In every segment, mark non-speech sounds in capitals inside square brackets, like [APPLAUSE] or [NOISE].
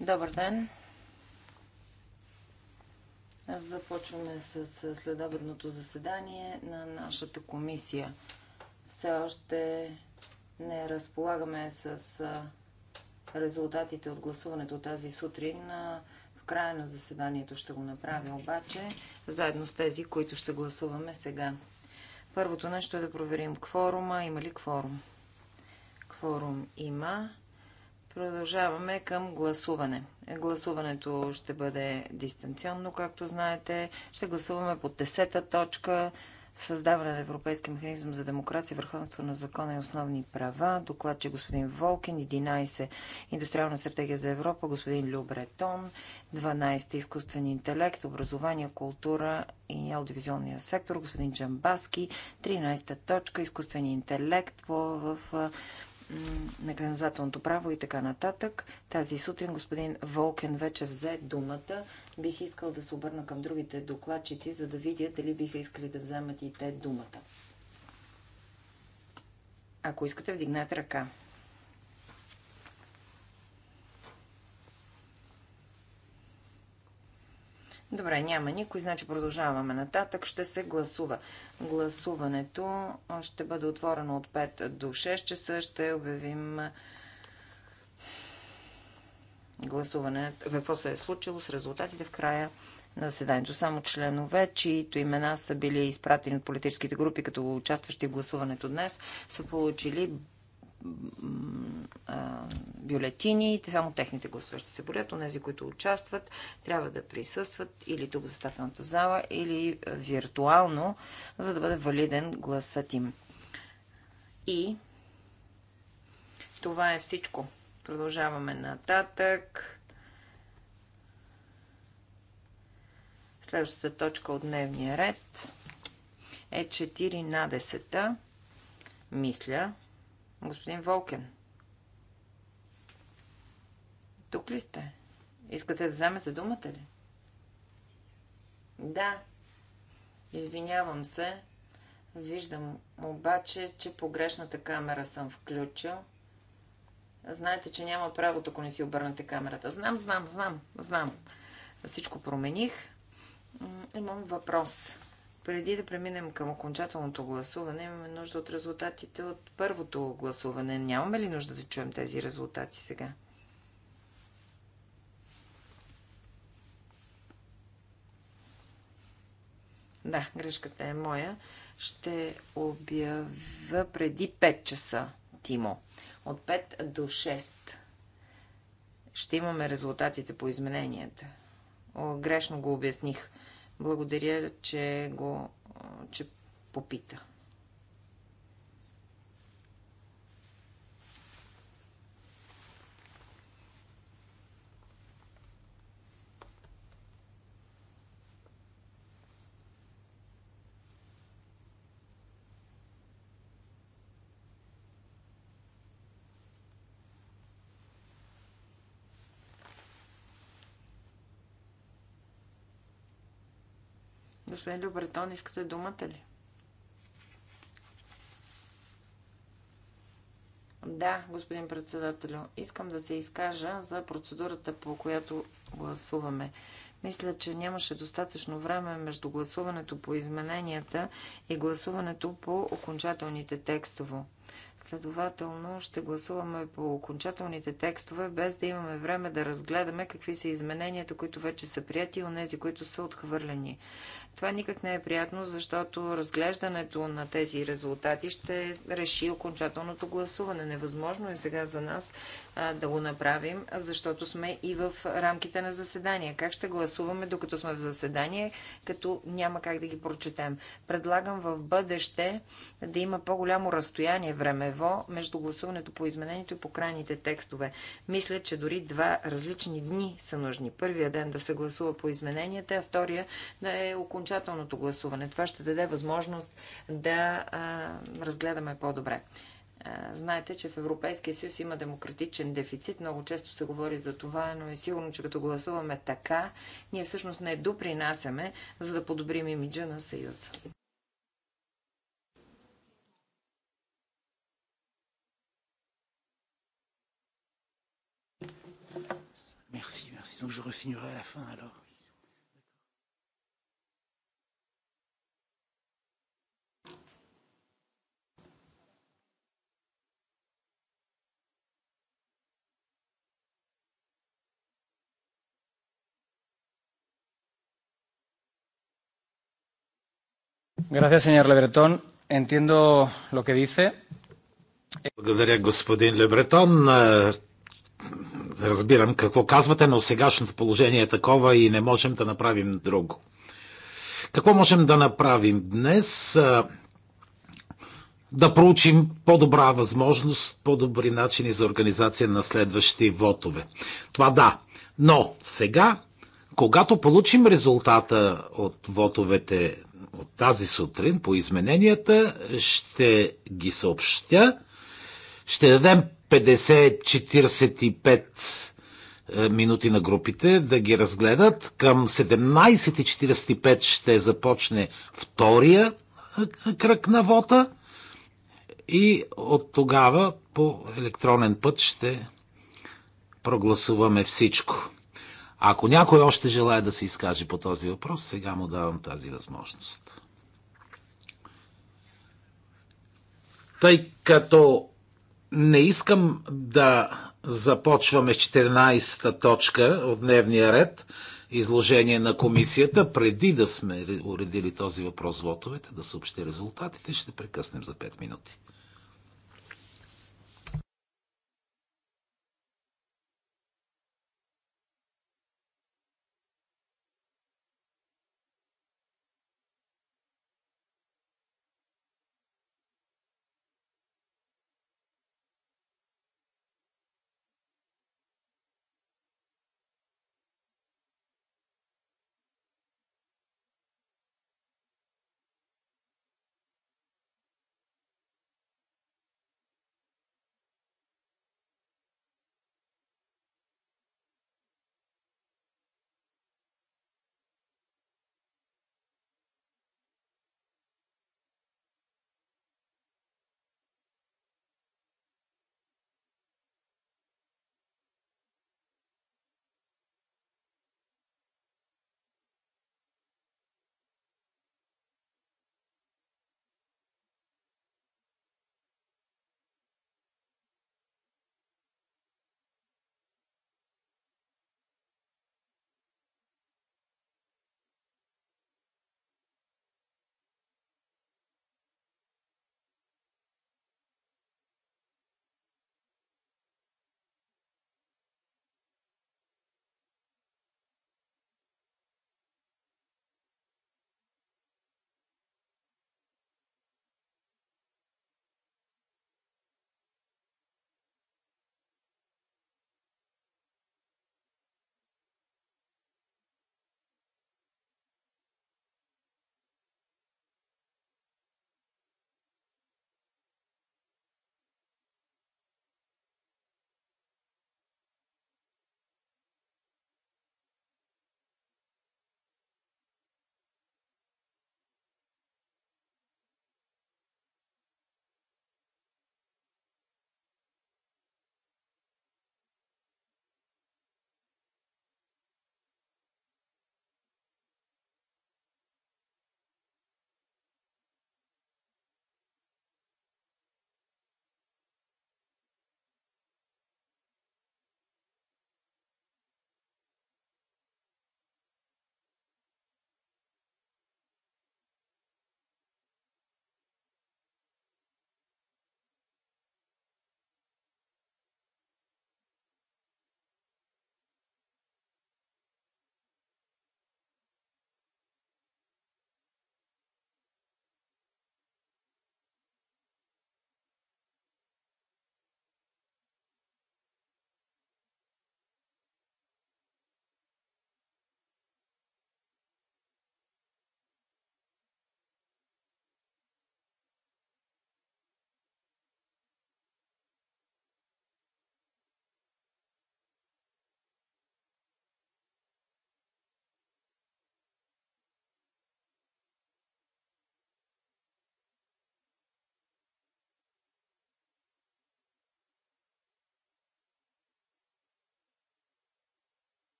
Добър ден! Започваме с следобедното заседание на нашата комисия. Все още не разполагаме с резултатите от гласуването тази сутрин. В края на заседанието ще го направя обаче, заедно с тези, които ще гласуваме сега. Първото нещо е да проверим кворума. Има ли кворум? Кворум има. Продължаваме към гласуване. Гласуването ще бъде дистанционно, както знаете. Ще гласуваме по 10-та точка Създаване на Европейски механизъм за демокрация, върховенство на закона и основни права. Доклад, че господин Волкин, 11. Индустриална стратегия за Европа, господин Любретон, 12. Изкуствен интелект, образование, култура и аудиовизуалния сектор, господин Джамбаски, 13. Точка, изкуствен интелект в наказателното право и така нататък. Тази сутрин господин Волкен вече взе думата. Бих искал да се обърна към другите докладчици, за да видя дали биха искали да вземат и те думата. Ако искате, вдигнете ръка. Добре, няма никой, значи продължаваме нататък. Ще се гласува. Гласуването ще бъде отворено от 5 до 6 часа. Ще обявим гласуване, какво се е случило с резултатите в края на заседанието. Само членове, чието имена са били изпратени от политическите групи като участващи в гласуването днес, са получили бюлетини, само техните гласове ще се борят, онези, които участват, трябва да присъстват или тук в застателната зала, или е, виртуално, за да бъде валиден гласът им. И това е всичко. Продължаваме нататък. Следващата точка от дневния ред е 14-та, мисля, Господин Волкен. Тук ли сте? Искате да вземете думата ли? Да. Извинявам се. Виждам обаче, че погрешната камера съм включил. Знаете, че няма правото, ако не си обърнете камерата. Знам, знам, знам, знам. Всичко промених. Имам въпрос. Преди да преминем към окончателното гласуване, имаме нужда от резултатите от първото гласуване. Нямаме ли нужда да чуем тези резултати сега? Да, грешката е моя. Ще обявя преди 5 часа, Тимо. От 5 до 6 ще имаме резултатите по измененията. Грешно го обясних. Благодаря, че го че попита. Господин Любретон, искате думата ли? Да, господин председателю. Искам да се изкажа за процедурата, по която гласуваме. Мисля, че нямаше достатъчно време между гласуването по измененията и гласуването по окончателните текстово. Следователно ще гласуваме по окончателните текстове, без да имаме време да разгледаме какви са измененията, които вече са прияти и онези, които са отхвърлени. Това никак не е приятно, защото разглеждането на тези резултати ще реши окончателното гласуване. Невъзможно е сега за нас а, да го направим, защото сме и в рамките на заседание. Как ще гласуваме, докато сме в заседание, като няма как да ги прочетем? Предлагам в бъдеще да има по-голямо разстояние време времево между гласуването по изменението и по крайните текстове. Мисля, че дори два различни дни са нужни. Първия ден да се гласува по измененията, а втория да е окончателното гласуване. Това ще даде възможност да а, разгледаме по-добре. Знаете, че в Европейския съюз има демократичен дефицит. Много често се говори за това, но е сигурно, че като гласуваме така, ние всъщност не допринасяме, за да подобрим имиджа на Съюза. Merci, merci. Donc je resignerai à la fin alors. Gracias, señor Lebretón. Entiendo lo que dice. Благодаря, господин Лебретон разбирам какво казвате, но сегашното положение е такова и не можем да направим друго. Какво можем да направим днес? Да проучим по-добра възможност, по-добри начини за организация на следващи вотове. Това да. Но сега, когато получим резултата от вотовете от тази сутрин по измененията, ще ги съобщя. Ще дадем 50-45 е, минути на групите да ги разгледат. Към 17.45 ще започне втория е, кръг на вота и от тогава по електронен път ще прогласуваме всичко. Ако някой още желая да се изкаже по този въпрос, сега му давам тази възможност. Тъй като не искам да започваме с 14-та точка от дневния ред, изложение на комисията. Преди да сме уредили този въпрос с вотовете, да съобщи резултатите, ще прекъснем за 5 минути.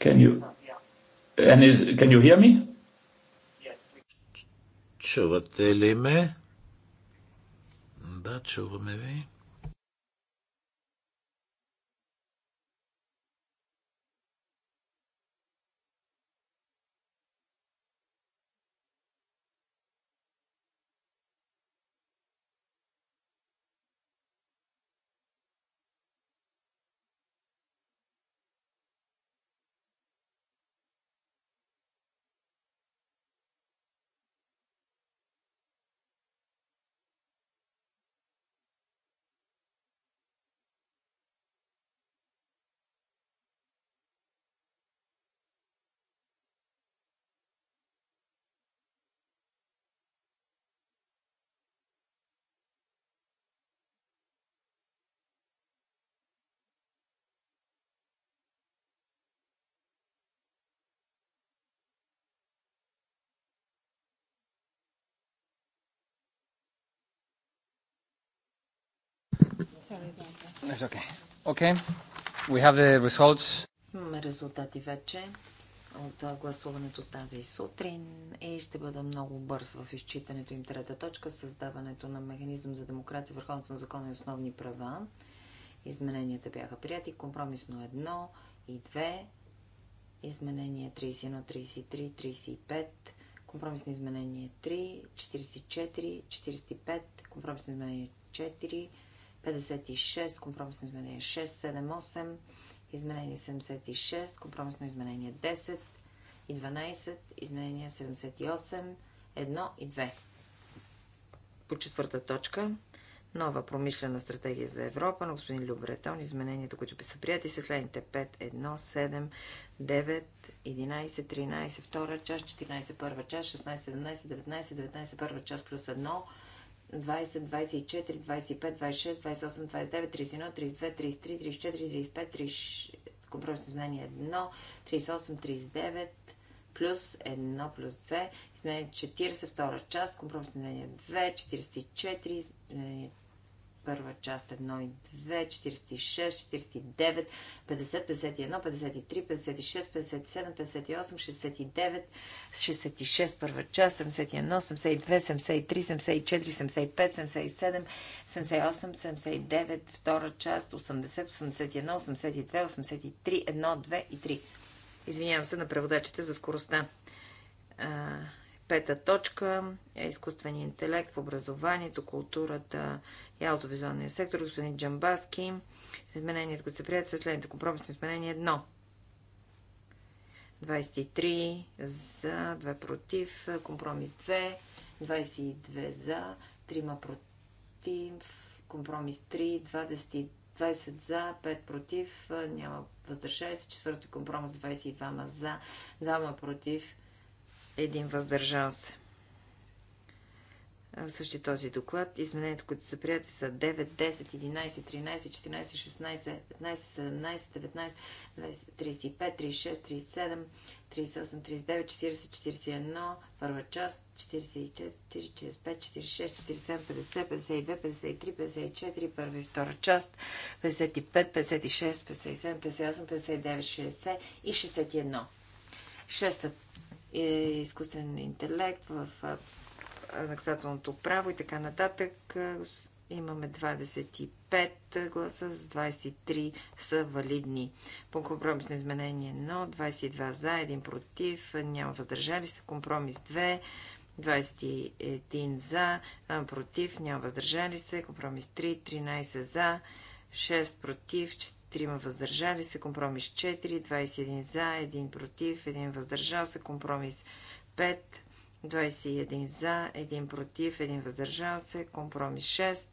Can you, and is, can you hear me? Yes. Чувате ли ме? Да, чуваме ви. It's okay. Okay. We have the results. Имаме резултати вече от гласуването тази сутрин и ще бъда много бърз в изчитането им. Трета точка създаването на механизъм за демокрация, върховенство на закона и основни права. Измененията бяха прияти. Компромисно едно и две. Изменение 31, 33, 35. Компромисно изменение 3, 44, 45. Компромисно изменение 4. 56, компромисно изменение 6, 7, 8, изменение 76, компромисно изменение 10 и 12, изменение 78, 1 и 2. По четвърта точка, нова промишлена стратегия за Европа на господин Любретон, изменението, които са прияти с следните 5, 1, 7, 9, 11, 13, втора част, 14, 1, част, 16, 17, 19, 19, 1 част плюс 1, 20, 24, 25, 26, 28, 29, 31, 32, 33, 34, 35, 36, компромисно изменение 1, 38, 39, плюс 1, плюс 2, изменение 40, втора част, компромисно изменение 2, 44, изменение първа част 1 и 2, 46, 49, 50, 51, 53, 56, 57, 58, 69, 66, първа част, 71, 72, 73, 74, 75, 77, 78, 79, втора част, 80, 81, 82, 83, 1, 2 и 3. Извинявам се на преводачите за скоростта. Пета точка е изкуственият интелект в образованието, културата и аудиовизуалния сектор. Господин Джамбаски, изменението, които се прият, са следните компромисни изменения. Едно. 23 за, 2 против, компромис 2, 22 за, 3 против, компромис 3, 20, 20 за, 5 против, няма въздържали се, четвърти компромис 22 за, 2 против, един въздържал се. Същи този доклад. Измененията, които са прияти са 9, 10, 11, 13, 14, 16, 15, 17, 19, 20, 35, 36, 37, 38, 39, 40, 41, първа част, 44, 45, 46, 47, 50, 52, 53, 54, първа и втора част, 55, 56, 57, 58, 59, 60 и 61. Шестата е изкуствен интелект, в наказателното право и така нататък. Имаме 25 гласа, с 23 са валидни. По компромисно изменение 1, 22 за, 1 против, няма въздържали се. Компромис 2, 21 за, против, няма въздържали се. Компромис 3, 13 за, 6 против, 4 3 въздържали се, компромис 4, 21 за, 1 против, 1 въздържал се, компромис 5, 21 за, 1 против, 1 въздържал се, компромис 6,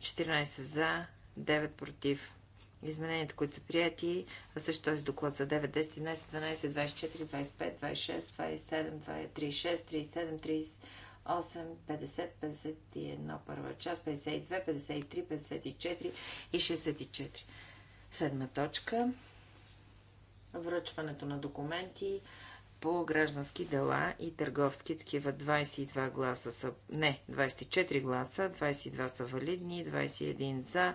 14 за, 9 против. Измененията, които са прияти, а също този доклад са 9, 10, 11, 12, 24, 25, 26, 27, 6, 37, 30, 8, 50, 51, първа част, 52, 53, 54 и 64. Седма точка. Връчването на документи по граждански дела и търговски такива 22 гласа са, не, 24 гласа, 22 са валидни, 21 за,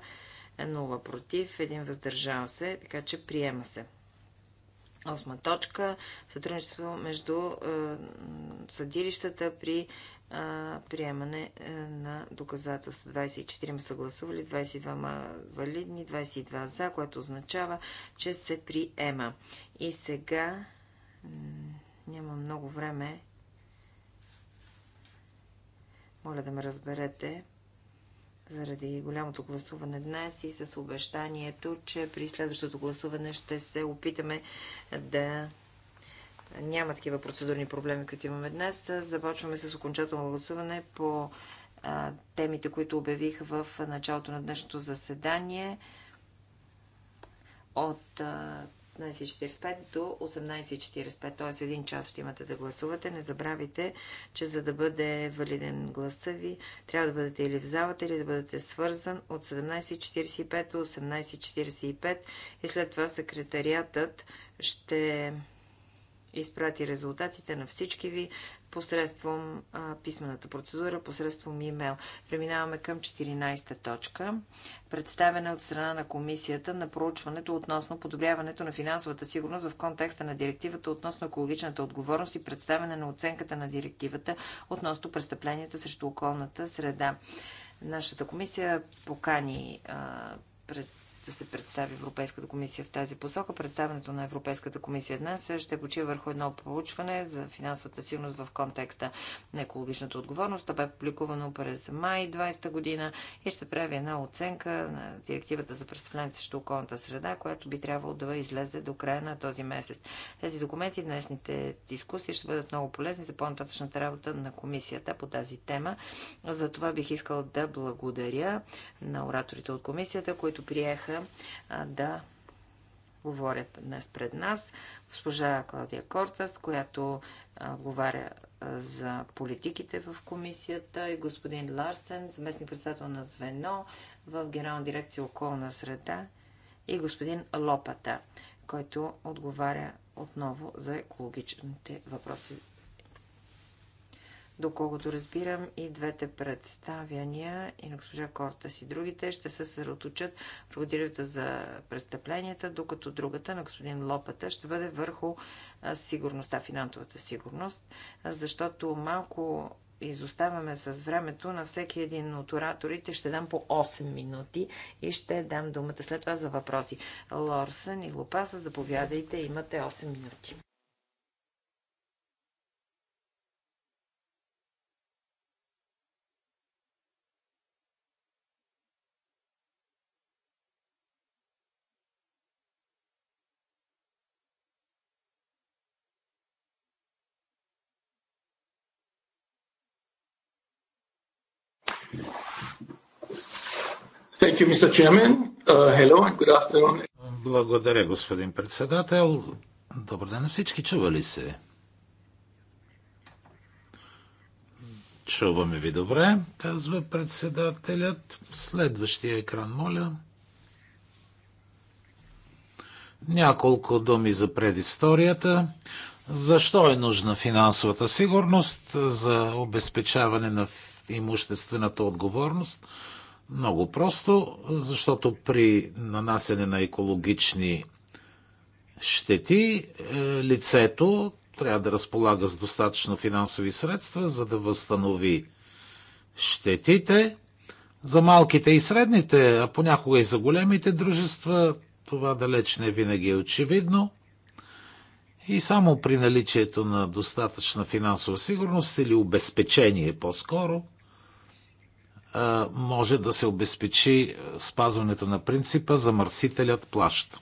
0 против, 1 въздържал се, така че приема се. Осма точка – сътрудничество между е, съдилищата при е, приемане е, на доказателства. 24 са гласували, 22 ма валидни, 22 за, което означава, че се приема. И сега няма много време. Моля да ме разберете заради голямото гласуване днес и с обещанието, че при следващото гласуване ще се опитаме да няма такива процедурни проблеми, които имаме днес. Започваме с окончателно гласуване по темите, които обявих в началото на днешното заседание от 15.45 до 18.45, т.е. един час ще имате да гласувате. Не забравяйте, че за да бъде валиден гласа ви, трябва да бъдете или в залата, или да бъдете свързан от 17.45 до 18.45 и след това секретариатът ще изпрати резултатите на всички ви посредством а, писмената процедура, посредством имейл. Преминаваме към 14-та точка. Представена от страна на комисията на проучването относно подобряването на финансовата сигурност в контекста на директивата относно екологичната отговорност и представяне на оценката на директивата относно престъпленията срещу околната среда. Нашата комисия покани а, пред ще се представи Европейската комисия в тази посока. Представенето на Европейската комисия днес ще почи върху едно проучване за финансовата сигурност в контекста на екологичната отговорност. То бе публикувано през май 20 година и ще прави една оценка на директивата за представление срещу околната среда, която би трябвало да излезе до края на този месец. Тези документи, днесните дискусии ще бъдат много полезни за по-нататъчната работа на комисията по тази тема. За това бих искал да благодаря на ораторите от комисията, които приеха а, да говорят днес пред нас. Госпожа Клаудия Кортас, която отговаря за политиките в комисията и господин Ларсен, заместник председател на звено в Генерална дирекция околна среда и господин Лопата, който отговаря отново за екологичните въпроси Доколкото разбирам, и двете представяния и на госпожа Кортас и другите ще се съсредоточат върху директивата за престъпленията, докато другата на господин Лопата ще бъде върху сигурността, финансовата сигурност, защото малко изоставаме с времето, на всеки един от ораторите ще дам по 8 минути и ще дам думата след това за въпроси. Лорсън и Лопаса, заповядайте, имате 8 минути. Thank you, Mr. Chairman. Uh, hello and good afternoon. Благодаря, господин председател. Добър ден на всички. Чува ли се? Чуваме ви добре, казва председателят. Следващия екран, моля. Няколко думи за предисторията. Защо е нужна финансовата сигурност за обезпечаване на имуществената отговорност? Много просто, защото при нанасене на екологични щети е, лицето трябва да разполага с достатъчно финансови средства, за да възстанови щетите. За малките и средните, а понякога и за големите дружества, това далеч не винаги е очевидно. И само при наличието на достатъчна финансова сигурност или обезпечение по-скоро – може да се обезпечи е, спазването на принципа замърсителят плаща.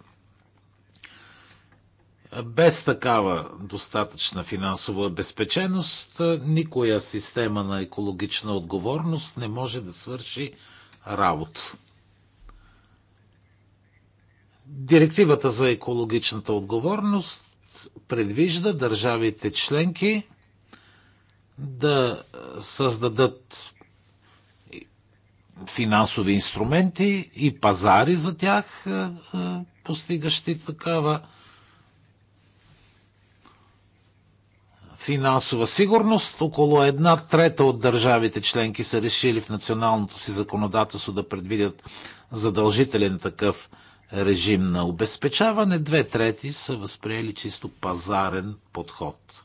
Без такава достатъчна финансова обезпеченост, е, никоя система на екологична отговорност не може да свърши работа. Директивата за екологичната отговорност предвижда държавите членки да е, създадат финансови инструменти и пазари за тях, е, е, постигащи такава финансова сигурност. Около една трета от държавите членки са решили в националното си законодателство да предвидят задължителен такъв режим на обезпечаване. Две трети са възприели чисто пазарен подход.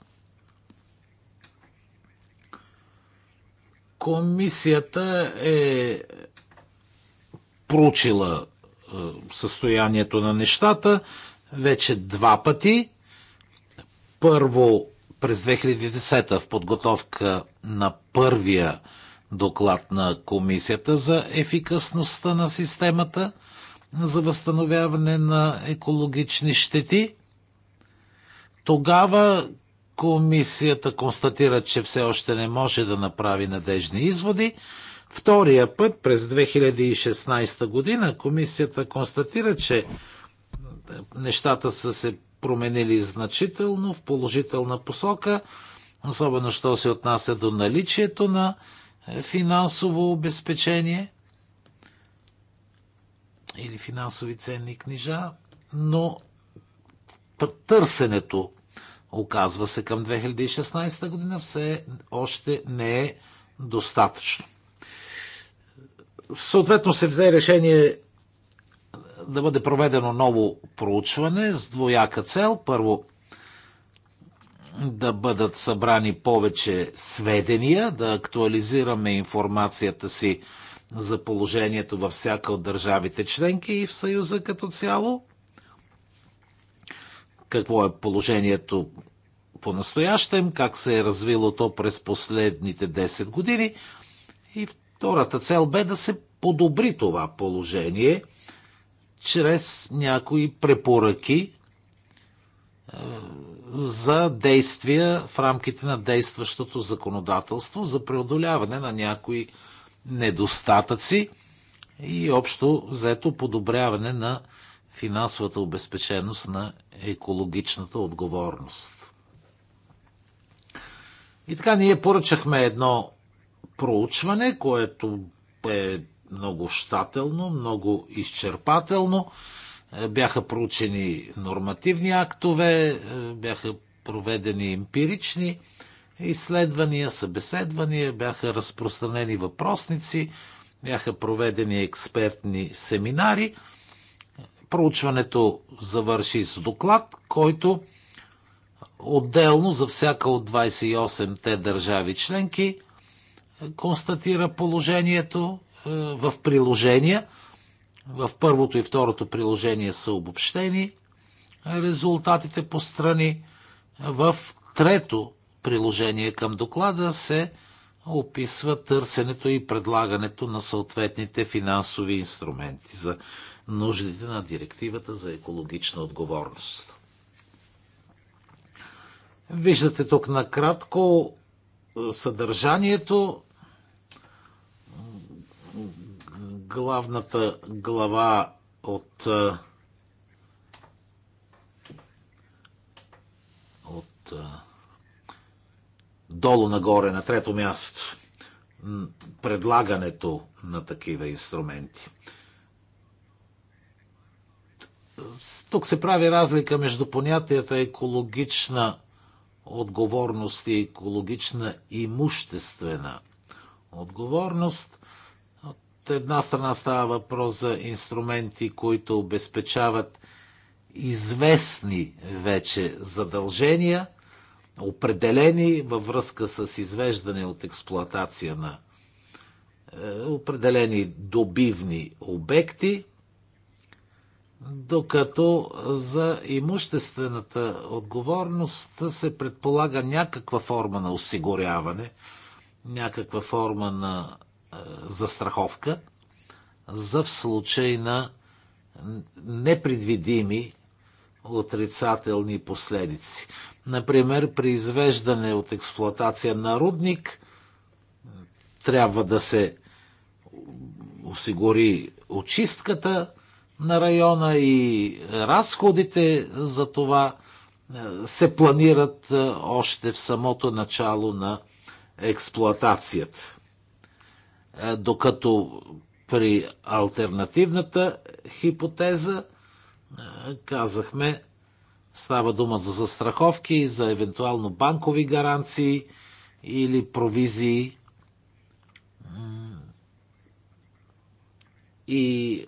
Комисията е проучила е, състоянието на нещата вече два пъти. Първо през 2010 в подготовка на първия доклад на Комисията за ефикасността на системата за възстановяване на екологични щети. Тогава Комисията констатира, че все още не може да направи надежни изводи. Втория път през 2016 година комисията констатира, че нещата са се променили значително в положителна посока, особено що се отнася до наличието на е, финансово обезпечение или финансови ценни книжа, но търсенето оказва се към 2016 година, все още не е достатъчно. Съответно се взе решение да бъде проведено ново проучване с двояка цел. Първо, да бъдат събрани повече сведения, да актуализираме информацията си за положението във всяка от държавите членки и в Съюза като цяло – какво е положението по-настоящем, как се е развило то през последните 10 години. И втората цел бе да се подобри това положение чрез някои препоръки е, за действия в рамките на действащото законодателство за преодоляване на някои недостатъци и общо заето подобряване на финансовата обезпеченост на екологичната отговорност. И така ние поръчахме едно проучване, което е много щателно, много изчерпателно. Е, бяха проучени нормативни актове, е, бяха проведени емпирични изследвания, събеседвания, бяха разпространени въпросници, бяха проведени експертни семинари – Проучването завърши с доклад, който отделно за всяка от 28-те държави членки е, констатира положението е, в приложения. В първото и второто приложение са обобщени резултатите по страни. В трето приложение към доклада се описва търсенето и предлагането на съответните финансови инструменти за нуждите на директивата за екологична отговорност. Виждате тук накратко съдържанието. Главната глава от, от долу нагоре на трето място предлагането на такива инструменти. Тук се прави разлика между понятията екологична отговорност и екологична имуществена отговорност. От една страна става въпрос за инструменти, които обезпечават известни вече задължения, определени във връзка с извеждане от експлоатация на е, определени добивни обекти – докато за имуществената отговорност се предполага някаква форма на осигуряване, някаква форма на е, застраховка за в случай на непредвидими отрицателни последици. Например, при извеждане от експлоатация на рудник е, трябва да се осигури очистката, на района и разходите за това е, се планират е, още в самото начало на експлоатацията. Е, докато при альтернативната хипотеза казахме, става дума за застраховки, за евентуално банкови гаранции или провизии. И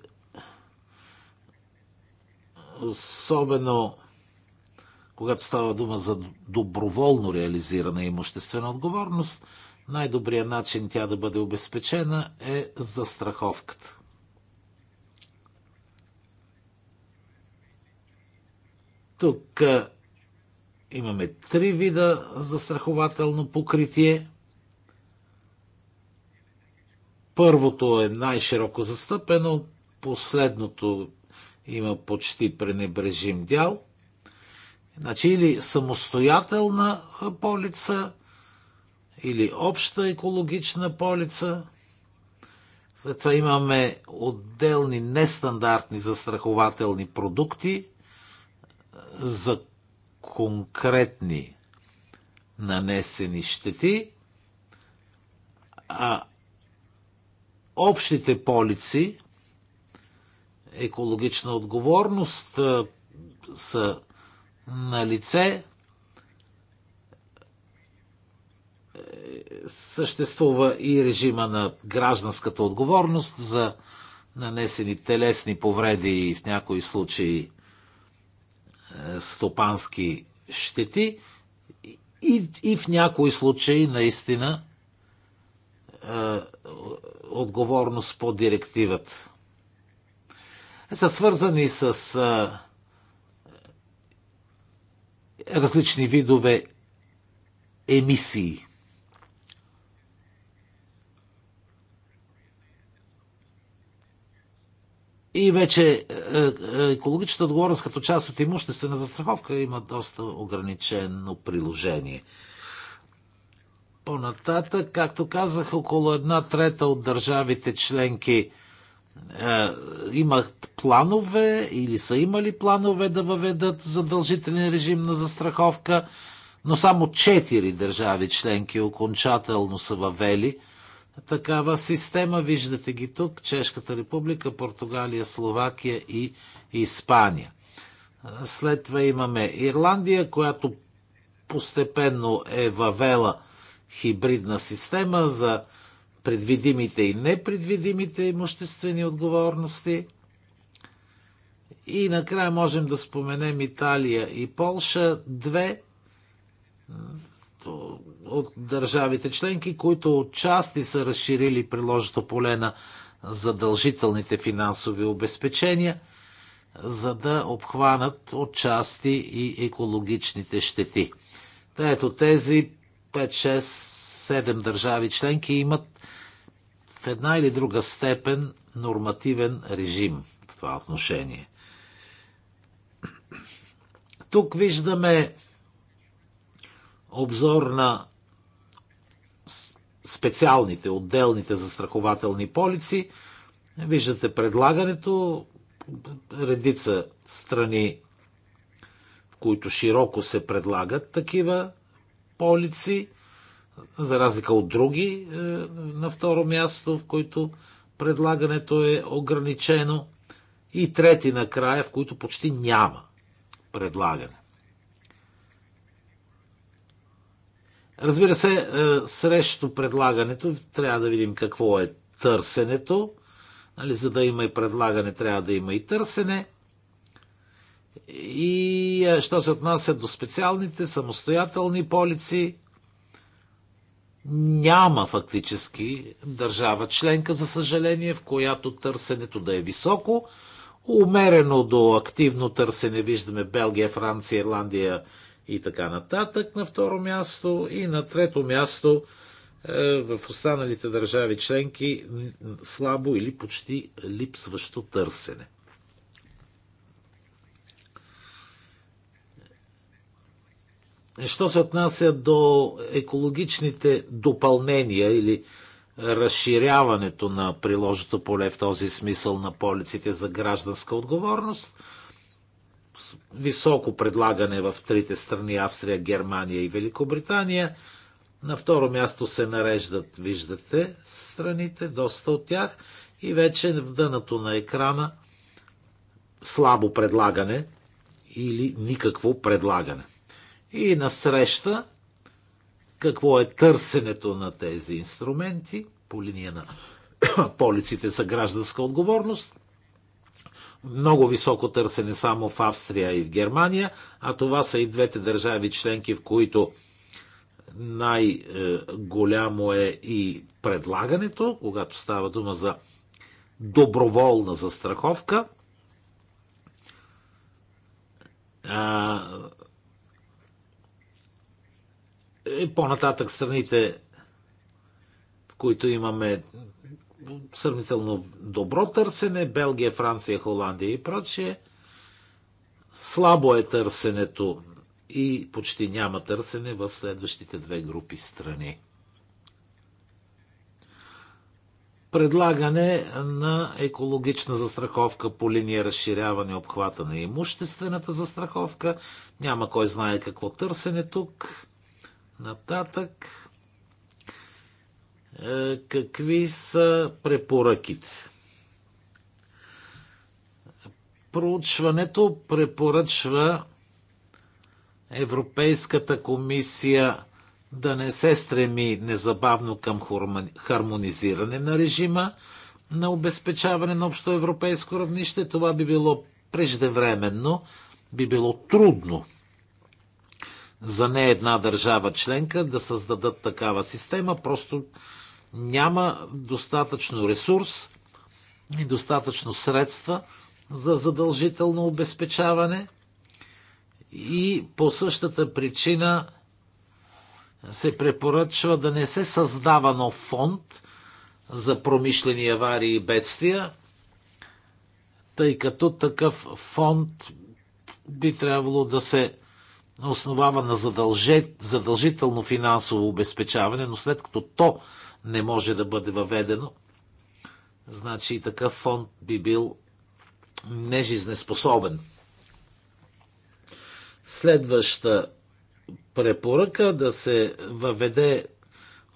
особено когато става дума за доброволно реализирана имуществена отговорност, най-добрият начин тя да бъде обезпечена е застраховката. Тук имаме три вида застрахователно покритие. Първото е най-широко застъпено, последното има почти пренебрежим дял. Значи или самостоятелна полица, или обща екологична полица. След това имаме отделни нестандартни застрахователни продукти за конкретни нанесени щети, а общите полици екологична отговорност са на лице. Е, съществува и режима на гражданската отговорност за нанесени телесни повреди и в някои случаи е, стопански щети и, и в някои случаи наистина е, отговорност по директивата са свързани с а, различни видове емисии. И вече екологичната отговорност като част от имуществена застраховка има доста ограничено приложение. По-нататък, както казах, около една трета от държавите членки – е, имат планове или са имали планове да въведат задължителен режим на застраховка, но само четири държави членки окончателно са въвели такава система. Виждате ги тук Чешката република, Португалия, Словакия и Испания. След това имаме Ирландия, която постепенно е въвела хибридна система за предвидимите и непредвидимите имуществени отговорности. И накрая можем да споменем Италия и Полша, две от държавите членки, които отчасти са разширили приложното поле на задължителните финансови обезпечения, за да обхванат отчасти и екологичните щети. Та ето тези 5-6 седем държави членки имат в една или друга степен нормативен режим в това отношение. Тук виждаме обзор на специалните, отделните застрахователни полици. Виждате предлагането, редица страни, в които широко се предлагат такива полици за разлика от други, е, на второ място, в които предлагането е ограничено, и трети накрая, в които почти няма предлагане. Разбира се, е, срещу предлагането трябва да видим какво е търсенето. Нали, за да има и предлагане, трябва да има и търсене. И е, що се отнася до специалните, самостоятелни полици, няма фактически държава членка, за съжаление, в която търсенето да е високо. Умерено до активно търсене виждаме Белгия, Франция, Ирландия и така нататък на второ място. И на трето място е, в останалите държави членки слабо или почти липсващо търсене. Що се отнася до екологичните допълнения или разширяването на приложното поле в този смисъл на полиците за гражданска отговорност, високо предлагане в трите страни Австрия, Германия и Великобритания. На второ място се нареждат, виждате, страните, доста от тях. И вече в дъното на екрана слабо предлагане или никакво предлагане и насреща какво е търсенето на тези инструменти по линия на [COUGHS] полиците за гражданска отговорност. Много високо търсене само в Австрия и в Германия, а това са и двете държави членки, в които най-голямо е и предлагането, когато става дума за доброволна застраховка. Е по-нататък страните, в които имаме сравнително добро търсене, Белгия, Франция, Холандия и прочие, слабо е търсенето и почти няма търсене в следващите две групи страни. предлагане на екологична застраховка по линия разширяване обхвата на имуществената застраховка. Няма кой знае какво търсене тук. Нататък. Е, какви са препоръките? Проучването препоръчва Европейската комисия да не се стреми незабавно към хармонизиране на режима на обезпечаване на общоевропейско равнище. Това би било преждевременно, би било трудно за не една държава членка да създадат такава система. Просто няма достатъчно ресурс и достатъчно средства за задължително обезпечаване и по същата причина се препоръчва да не се създава нов фонд за промишлени аварии и бедствия, тъй като такъв фонд би трябвало да се основава на задължително финансово обезпечаване, но след като то не може да бъде въведено, значи и такъв фонд би бил нежизнеспособен. Следваща препоръка да се въведе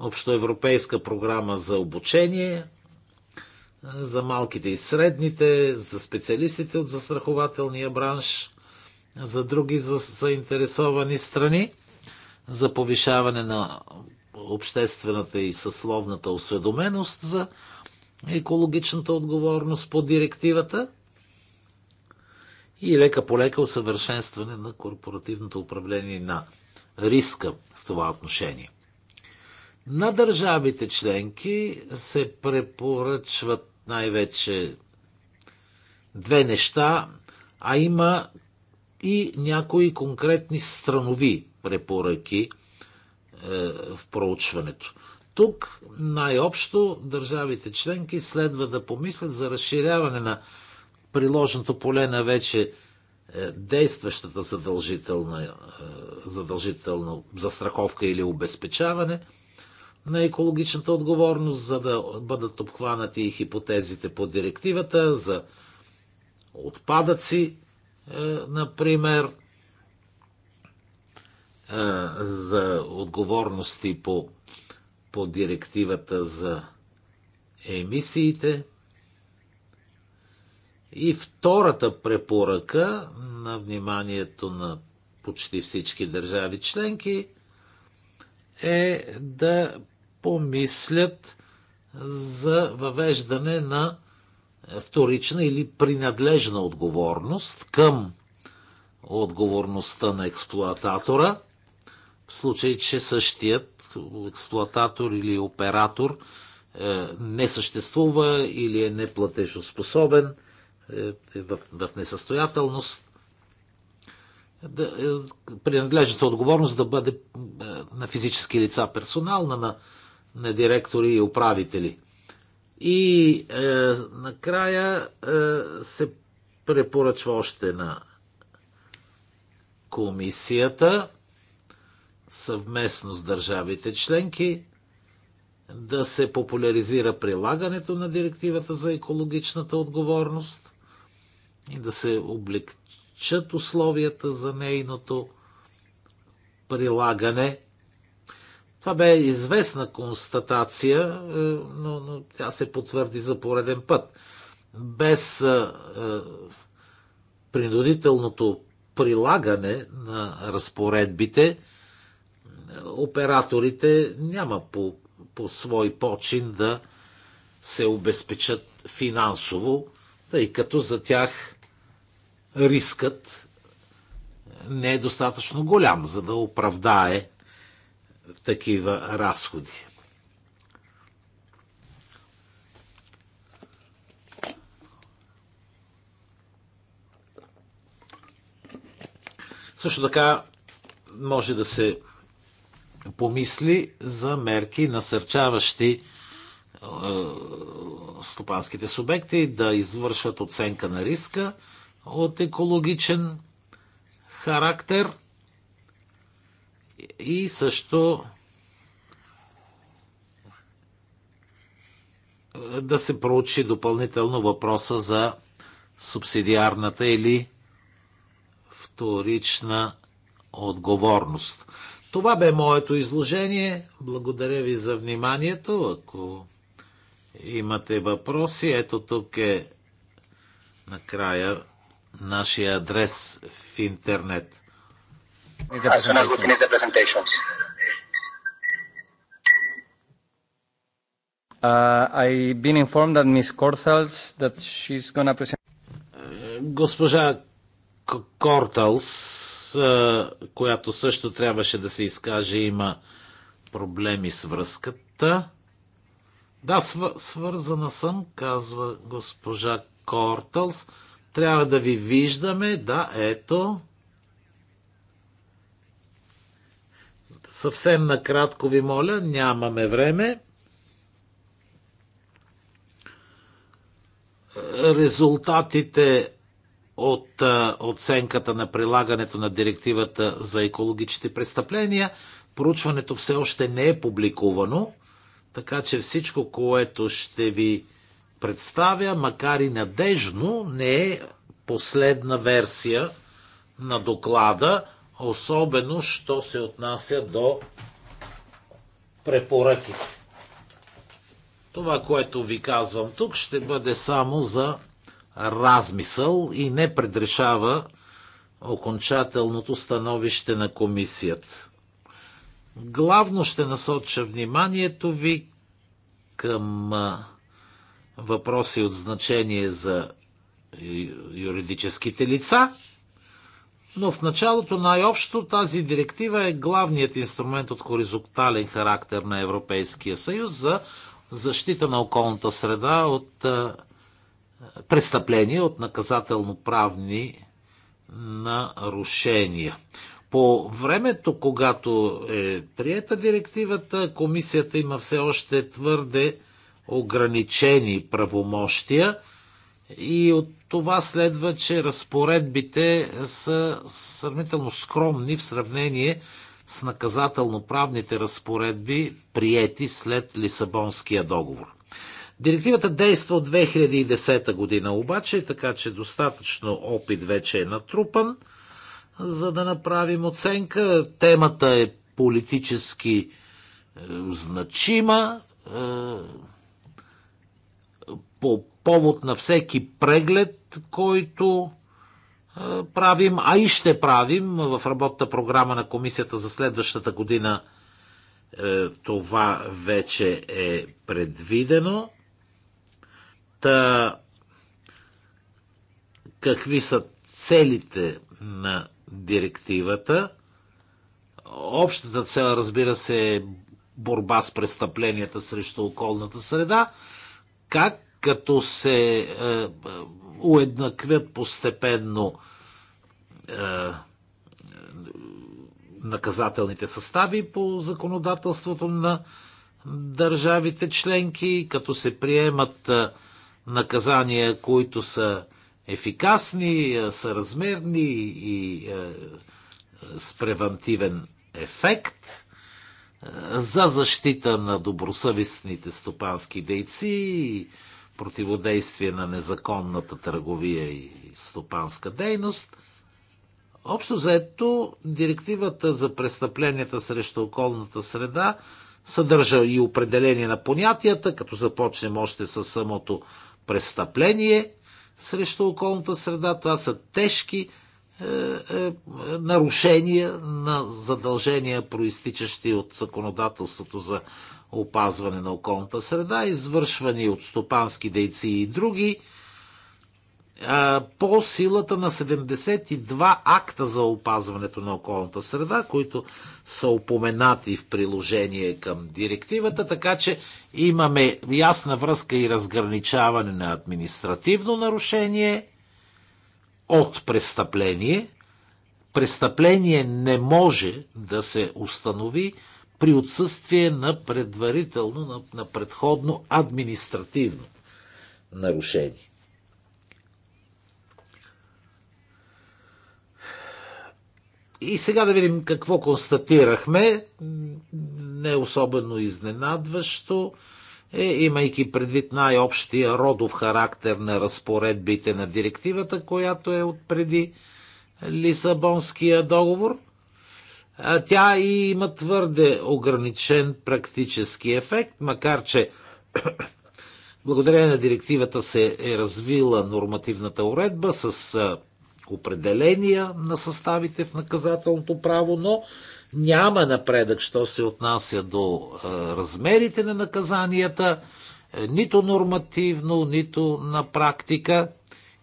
общоевропейска програма за обучение за малките и средните, за специалистите от застрахователния бранш, за други заинтересовани страни за повишаване на обществената и съсловната осведоменост за екологичната отговорност по директивата и лека по лека усъвършенстване на корпоративното управление на риска в това отношение. На държавите членки се препоръчват най-вече две неща, а има и някои конкретни странови препоръки е, в проучването. Тук най-общо държавите членки следва да помислят за разширяване на приложното поле на вече е, действащата задължителна, е, задължителна застраховка или обезпечаване на екологичната отговорност, за да бъдат обхванати и хипотезите по директивата за отпадъци, е, например, е, за отговорности по, по директивата за емисиите. И втората препоръка на вниманието на почти всички държави членки е да помислят за въвеждане на вторична или принадлежна отговорност към отговорността на експлоататора, в случай, че същият експлоататор или оператор е, не съществува или е неплатежоспособен, е, е в несъстоятелност, да, принадлежната отговорност да бъде на физически лица персонална, на, на директори и управители. И е, накрая е, се препоръчва още на комисията съвместно с държавите членки да се популяризира прилагането на директивата за екологичната отговорност и да се облегчат условията за нейното прилагане това бе известна констатация, е, но, но тя се потвърди за пореден път. Без а, е, а, е, принудителното прилагане на разпоредбите, операторите няма по, по свой почин да се обезпечат финансово, тъй като за тях рискът не е достатъчно голям, за да оправдае в такива разходи. Също така може да се помисли за мерки, насърчаващи е, стопанските субекти да извършват оценка на риска от екологичен характер – и също е, да се проучи допълнително въпроса за субсидиарната или вторична отговорност. Това бе моето изложение. Благодаря ви за вниманието. Ако имате въпроси, ето тук е накрая нашия адрес в интернет. As soon as we finish the presentations. Uh, I've been informed that Ms. Corthals, that she's gonna present... Uh, госпожа Корталс, uh, която също трябваше да се изкаже, има проблеми с връзката. Да, свързана съм, казва госпожа Корталс. Трябва да ви виждаме. Да, ето. Съвсем накратко ви моля, нямаме време. Резултатите от оценката на прилагането на директивата за екологичните престъпления. Проучването все още не е публикувано, така че всичко, което ще ви представя, макар и надежно, не е последна версия на доклада особено, що се отнася до препоръките. Това, което ви казвам тук, ще бъде само за размисъл и не предрешава окончателното становище на комисията. Главно ще насоча вниманието ви към въпроси от значение за юридическите лица но в началото най-общо тази директива е главният инструмент от хоризонтален характер на Европейския съюз за защита на околната среда от престъпления, от наказателно-правни нарушения. По времето, когато е приета директивата, комисията има все още твърде ограничени правомощия – и от това следва, че разпоредбите са сравнително скромни в сравнение с наказателно-правните разпоредби, приети след Лисабонския договор. Директивата действа от 2010 година обаче, така че достатъчно опит вече е натрупан, за да направим оценка. Темата е политически е, значима, е, по повод на всеки преглед, който правим, а и ще правим в работната програма на комисията за следващата година. Е, това вече е предвидено. Та, какви са целите на директивата? Общата цел, разбира се, е борба с престъпленията срещу околната среда. Как като се е, уеднаквят постепенно е, наказателните състави по законодателството на държавите членки, като се приемат е, наказания, които са ефикасни, е, съразмерни и е, с превантивен ефект за защита на добросъвестните стопански дейци противодействие на незаконната търговия и стопанска дейност. Общо заето, директивата за престъпленията срещу околната среда съдържа и определение на понятията, като започнем още с самото престъпление срещу околната среда. Това са тежки е, е, нарушения на задължения, проистичащи от законодателството за опазване на околната среда, извършвани от стопански дейци и други, по силата на 72 акта за опазването на околната среда, които са упоменати в приложение към директивата, така че имаме ясна връзка и разграничаване на административно нарушение от престъпление. Престъпление не може да се установи при отсъствие на предварително, на, на предходно административно нарушение. И сега да видим какво констатирахме. Не особено изненадващо е, имайки предвид най-общия родов характер на разпоредбите на директивата, която е от преди Лисабонския договор – тя и има твърде ограничен практически ефект, макар че [CLEARS THROAT] благодарение на директивата се е развила нормативната уредба с определения на съставите в наказателното право, но няма напредък, що се отнася до размерите на наказанията, е, нито нормативно, нито на практика.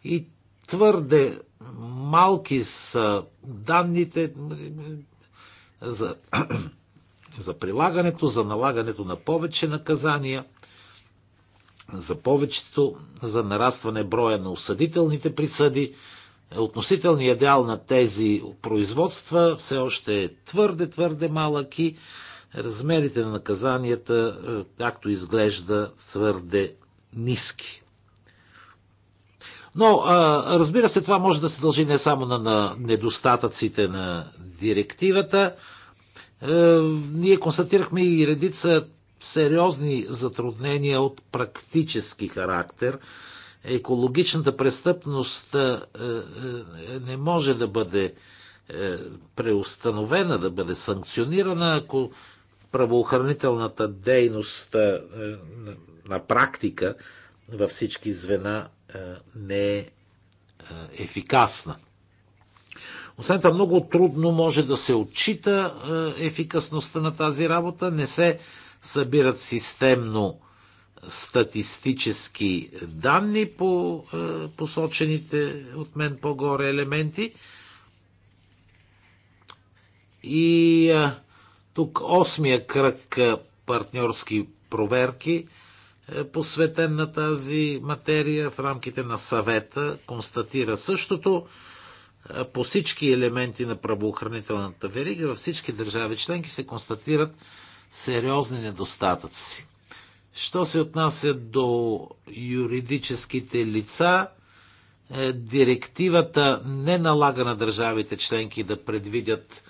И твърде малки са данните, за, [CLEARS THROAT] за прилагането, за налагането на повече наказания, за повечето, за нарастване броя на осъдителните присъди. Относителният дял на тези производства все още е твърде, твърде малък и размерите на наказанията, е, както изглежда, твърде ниски. Но, разбира се, това може да се дължи не само на недостатъците на директивата. Е, ние констатирахме и редица сериозни затруднения от практически характер. Екологичната престъпност е, е, не може да бъде преустановена, да бъде санкционирана, ако правоохранителната дейност на практика във всички звена е, не е, е ефикасна. Освен това, много трудно може да се отчита е, ефикасността на тази работа. Не се събират системно статистически данни по посочените от мен по-горе елементи. И тук осмия кръг партньорски проверки – е, посветен на тази материя в рамките на съвета, констатира същото е, по всички елементи на правоохранителната верига във всички държави членки се констатират сериозни недостатъци. Що се отнася до юридическите лица, е, директивата не налага на държавите членки да предвидят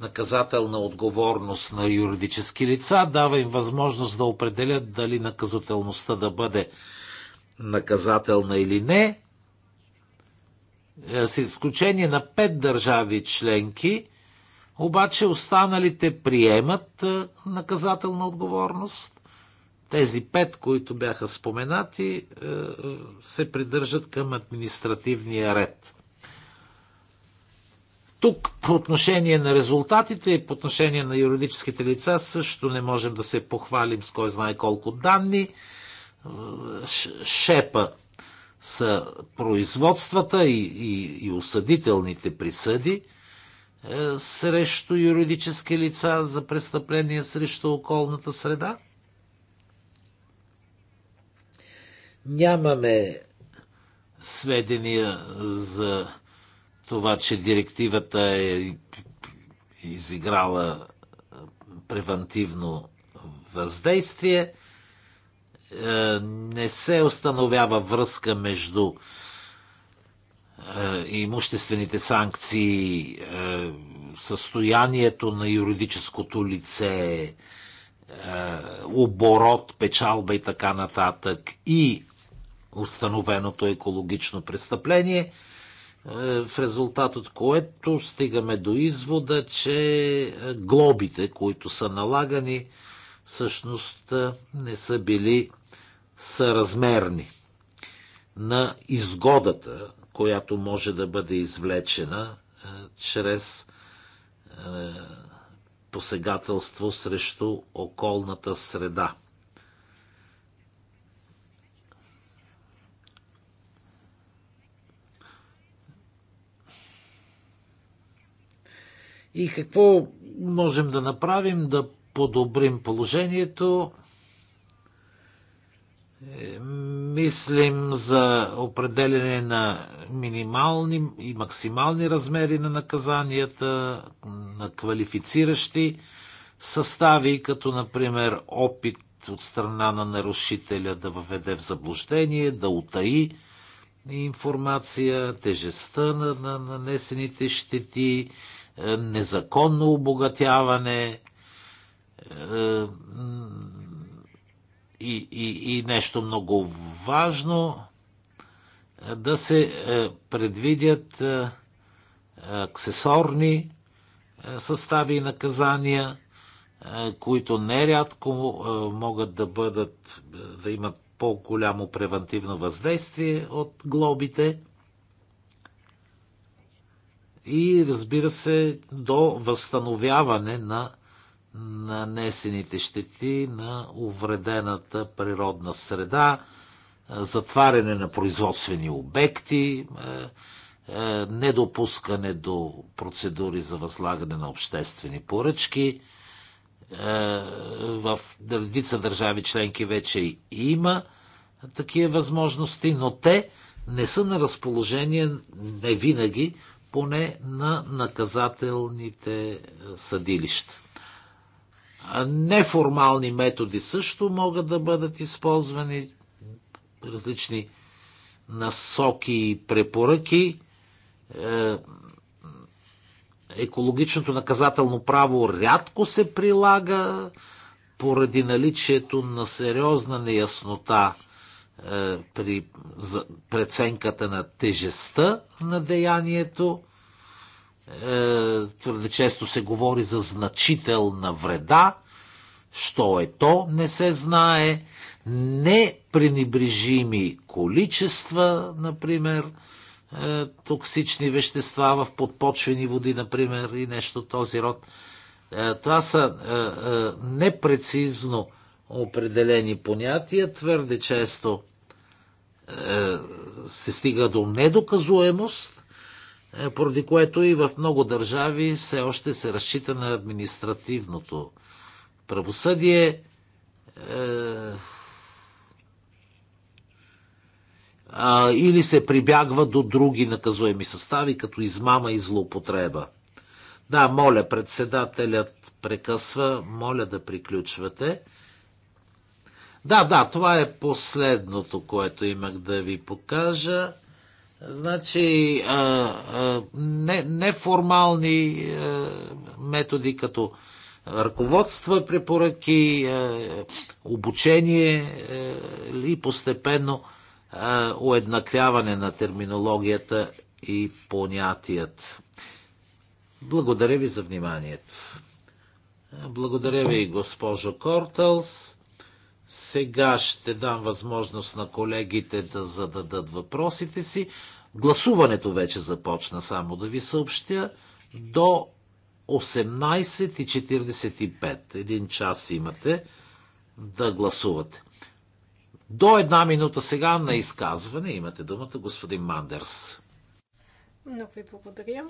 наказателна отговорност на юридически лица, дава им възможност да определят дали наказателността да бъде наказателна или не, е, с изключение на пет държави членки, обаче останалите приемат е, наказателна отговорност. Тези пет, които бяха споменати, е, се придържат към административния ред. Тук по отношение на резултатите и по отношение на юридическите лица също не можем да се похвалим с кой знае колко данни. Шепа са производствата и, и, и осъдителните присъди е, срещу юридически лица за престъпления срещу околната среда. Нямаме сведения за това, че директивата е изиграла превентивно въздействие. Е, не се установява връзка между е, имуществените санкции, е, състоянието на юридическото лице, оборот, печалба и така нататък и установеното екологично престъпление – е, в резултат от което стигаме до извода, че е, глобите, които са налагани, всъщност е, не са били съразмерни на изгодата, която може да бъде извлечена чрез посегателство срещу околната среда. и какво можем да направим да подобрим положението. Е, мислим за определене на минимални и максимални размери на наказанията, на квалифициращи състави, като например опит от страна на нарушителя да въведе в заблуждение, да утаи информация, тежестта на нанесените щети, е, незаконно обогатяване е, и, и, и нещо много важно е, да се предвидят аксесорни състави и наказания, които нерядко могат да бъдат, да имат по-голямо превентивно въздействие от глобите и разбира се до възстановяване на нанесените щети на увредената природна среда, е, затваряне на производствени обекти, е, е, недопускане до процедури за възлагане на обществени поръчки. В редица държави членки вече има такива възможности, но те не са на разположение не винаги поне на наказателните е, съдилища. Неформални методи също могат да бъдат използвани, различни насоки и препоръки. Е, екологичното наказателно право рядко се прилага поради наличието на сериозна неяснота е, при преценката на тежестта на деянието. Е, твърде често се говори за значителна вреда. Що е то, не се знае. Непренебрежими количества, например, е, токсични вещества в подпочвени води, например, и нещо този род. Това са непрецизно определени понятия, твърде често е, се стига до недоказуемост, е, поради което и в много държави все още се разчита на административното правосъдие. Е, или се прибягва до други наказуеми състави, като измама и злоупотреба. Да, моля, председателят прекъсва, моля да приключвате. Да, да, това е последното, което имах да ви покажа. Значи, а, а, не, неформални а, методи като ръководства, препоръки, а, обучение а, и постепенно а, уеднаквяване на терминологията и понятият. Благодаря ви за вниманието. Благодаря ви, госпожо Кортелс. Сега ще дам възможност на колегите да зададат въпросите си. Гласуването вече започна, само да ви съобщя. До 18.45. Един час имате да гласувате. До една минута сега на изказване имате думата господин Мандерс. Много ви благодаря.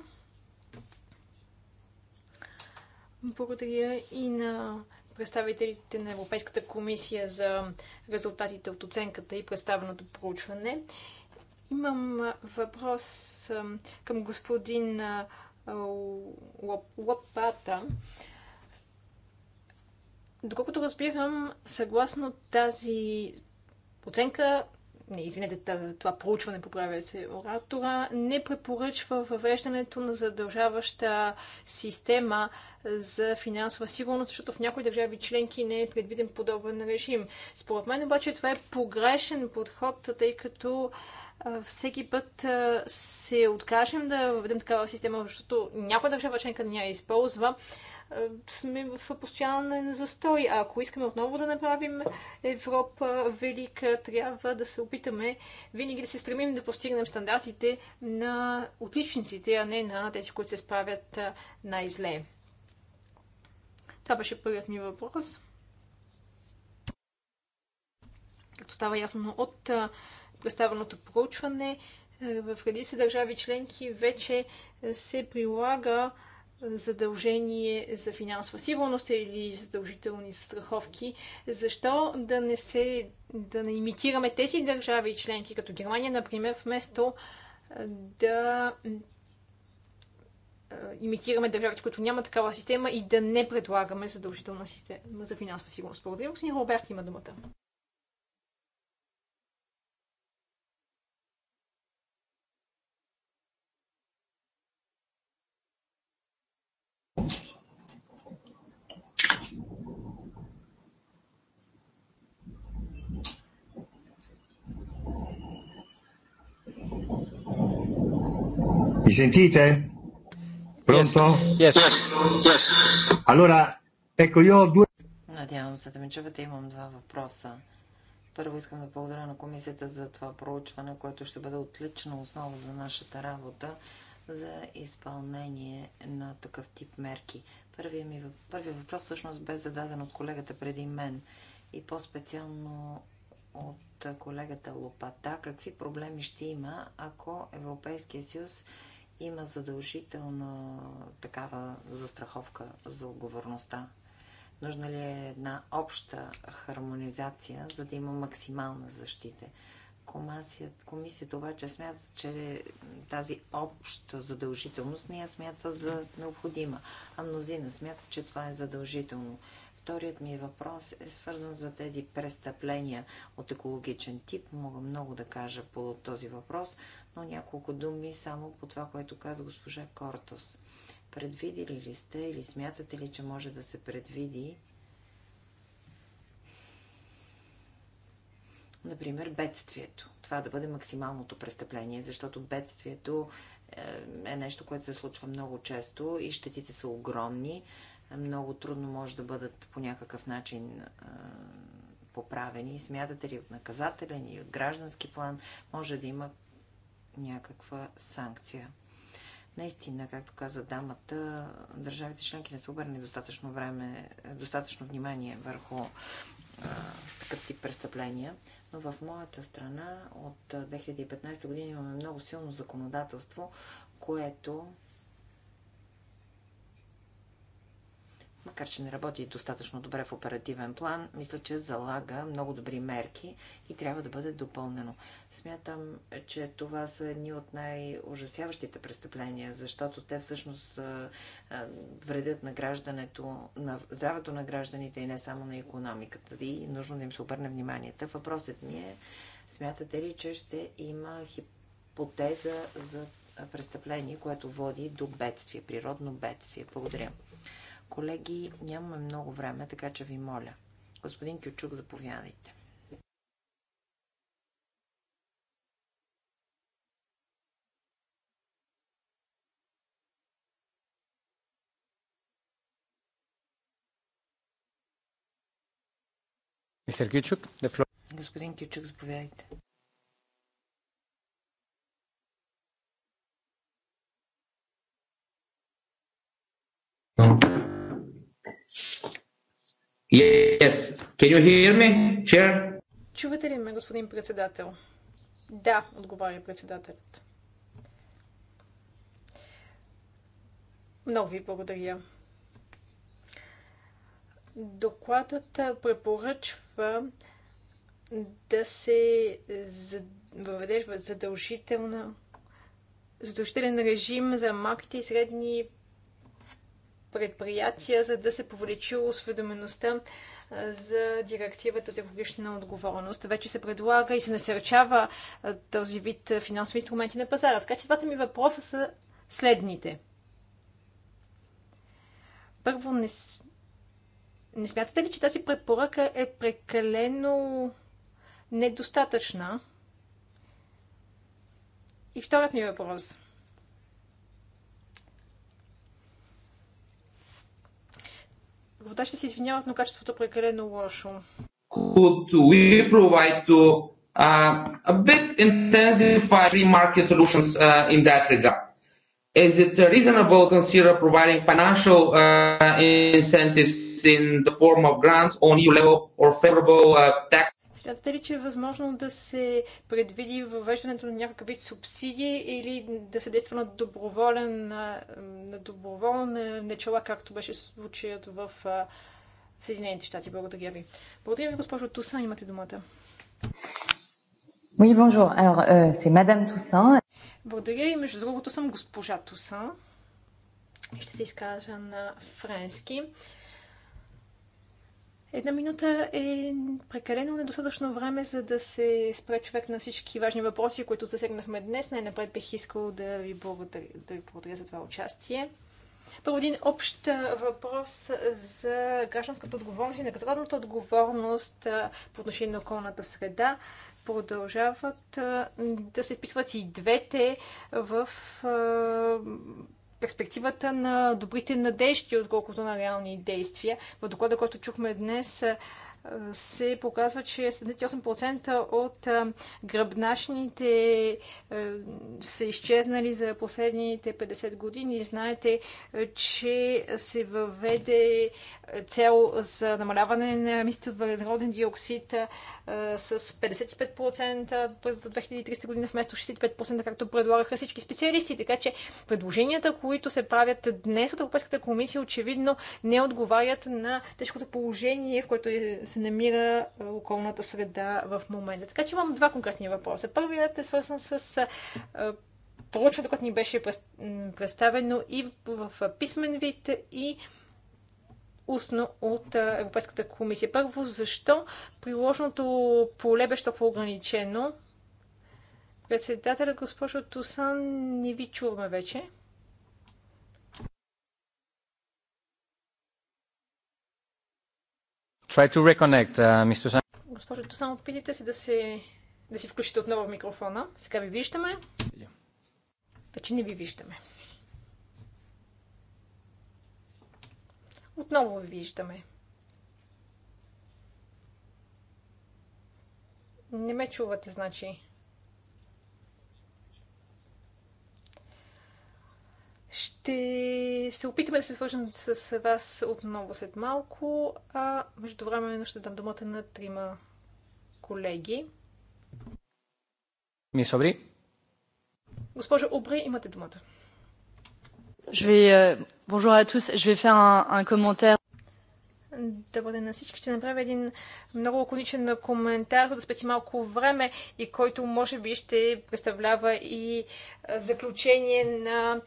Благодаря и на представителите на Европейската комисия за резултатите от оценката и представеното проучване. Имам въпрос към господин Лопата. Доколкото разбирам, съгласно тази оценка, не, извинете, това проучване, поправя се оратора, не препоръчва въвеждането на задължаваща система за финансова сигурност, защото в някои държави членки не е предвиден подобен режим. Според мен обаче това е погрешен подход, тъй като всеки път се откажем да въведем такава система, защото някоя държава членка не я използва, е, сме в постоянен застой. А ако искаме отново да направим Европа велика, трябва да се опитаме винаги да се стремим да постигнем стандартите на отличниците, а не на тези, които се справят най-зле. Това беше първият ми въпрос. Като става ясно от представеното проучване, е, в редица държави членки вече се прилага задължение за финансова сигурност или задължителни застраховки, защо да не, се, да не имитираме тези държави и членки, като Германия, например, вместо да имитираме държавите, които няма такава система и да не предлагаме задължителна система за финансова сигурност. Благодаря, господин Роберт, има думата. sentite? Pronto? Yes. yes. yes. Allora, ecco io due... Надявам се да ме чувате. Имам два въпроса. Първо искам да благодаря на комисията за това проучване, което ще бъде отлична основа за нашата работа за изпълнение на такъв тип мерки. Първият, ми, първият въпрос всъщност бе зададен от колегата преди мен и по-специално от колегата Лопата. Какви проблеми ще има, ако Европейския съюз има задължителна такава застраховка за отговорността? Нужна ли е една обща хармонизация, за да има максимална защита? Комисията, комисията обаче смята, че тази обща задължителност не я смята за необходима, а мнозина смята, че това е задължително. Вторият ми въпрос е свързан за тези престъпления от екологичен тип. Мога много да кажа по този въпрос, но няколко думи само по това, което каза госпожа Кортос. Предвидили ли сте или смятате ли, че може да се предвиди например, бедствието. Това да бъде максималното престъпление, защото бедствието е, е нещо, което се случва много често и щетите са огромни. Много трудно може да бъдат по някакъв начин е, поправени. Смятате ли от наказателен и от граждански план може да има някаква санкция. Наистина, както каза дамата, държавите членки не са обърнали достатъчно време, достатъчно внимание върху а, такъв тип престъпления. Но в моята страна от 2015 година имаме много силно законодателство, което макар че не работи достатъчно добре в оперативен план, мисля, че залага много добри мерки и трябва да бъде допълнено. Смятам, че това са едни от най-ужасяващите престъпления, защото те всъщност вредят на граждането, на здравето на гражданите и не само на економиката. И нужно да им се обърне вниманието. Въпросът ми е, смятате ли, че ще има хипотеза за престъпление, което води до бедствие, природно бедствие? Благодаря. Колеги, нямаме много време, така че ви моля. Господин Кючук, заповядайте. Мистер Кючук, Господин Кючук, заповядайте. Yes. Can you hear me, chair? Чувате ли ме, господин председател? Да, отговаря председателят. Много ви благодаря. Докладът препоръчва да се въведе задължителна задължителен режим за малките и средни предприятия, за да се повлечи осведомеността за директивата за екологична отговорност. Вече се предлага и се насърчава този вид финансови инструменти на пазара. Така че двата ми въпроса са следните. Първо, не, не смятате ли, че тази препоръка е прекалено недостатъчна? И вторият ми въпрос – вода ще се извиняват, но качеството е прекалено лошо. Could we provide to uh, a bit intensify free market solutions uh, in that regard? Is it reasonable to consider providing financial uh, incentives in the form of grants on EU level or favorable uh, tax Смятате ли, че е възможно да се предвиди въвеждането на някакъв вид субсидии или да се действа на доброволен, на, на начала, както беше случаят в Съединените щати? Благодаря ви. Благодаря ви, госпожо Тусан. Имате думата. Oui, bonjour. Alors, euh, c'est Madame Toussaint. Благодаря и между другото съм госпожа Тусан. Ще се изкажа на френски. Uh, Една минута е прекалено недостатъчно време, за да се спре човек на всички важни въпроси, които засегнахме днес. Най-напред бих искал да ви благодаря, да ви благодаря за това участие. Първо един общ въпрос за гражданската отговорност и наказателната отговорност по отношение на околната среда. Продължават да се вписват и двете в перспективата на добрите надежди, отколкото на реални действия. В доклада, който чухме днес, се показва, че 78% от гръбначните са изчезнали за последните 50 години. Знаете, че се въведе цел за намаляване на емисиите от въглероден диоксид с 55% през 2300 година вместо 65%, както предлагаха всички специалисти. Така че предложенията, които се правят днес от Европейската комисия, очевидно не отговарят на тежкото положение, в което е, се намира околната среда в момента. Така че имам два конкретни въпроса. Първият е свързан с проучването, което ни беше представено и в писмен вид, и устно от Европейската комисия. Първо, защо приложното поле беше толкова ограничено? Председателя госпожо Тусан, не ви чуваме вече. Try to reconnect, uh, Mr. Госпожо Тусан, опитайте се да, се да си включите отново в микрофона. Сега ви виждаме. Вече не ви виждаме. Отново ви виждаме. Не ме чувате, значи. Ще се опитаме да се свържем с вас отново след малко, а междувременно ще дам думата на трима колеги. Мисъл Обри? Госпожо Обри, имате думата. Je vais, euh, bonjour à tous, je vais faire un, un commentaire. Да бъде на всички. Ще направя един много лаконичен коментар, за да спести малко време и който може би ще представлява и заключение на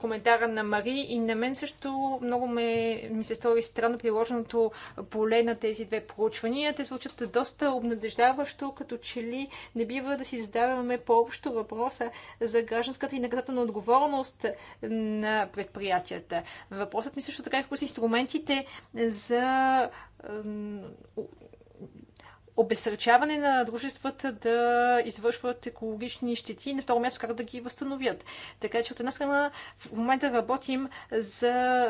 коментара на Мари и на мен също много ме, ми се стори странно приложеното поле на тези две проучвания. Те звучат доста обнадеждаващо, като че ли не бива да си задаваме по-общо въпроса за гражданската и наказателна отговорност на предприятията. Въпросът ми също така е са инструментите за обесърчаване на дружествата да извършват екологични щети и на второ място как да ги възстановят. Така че от една страна в момента работим за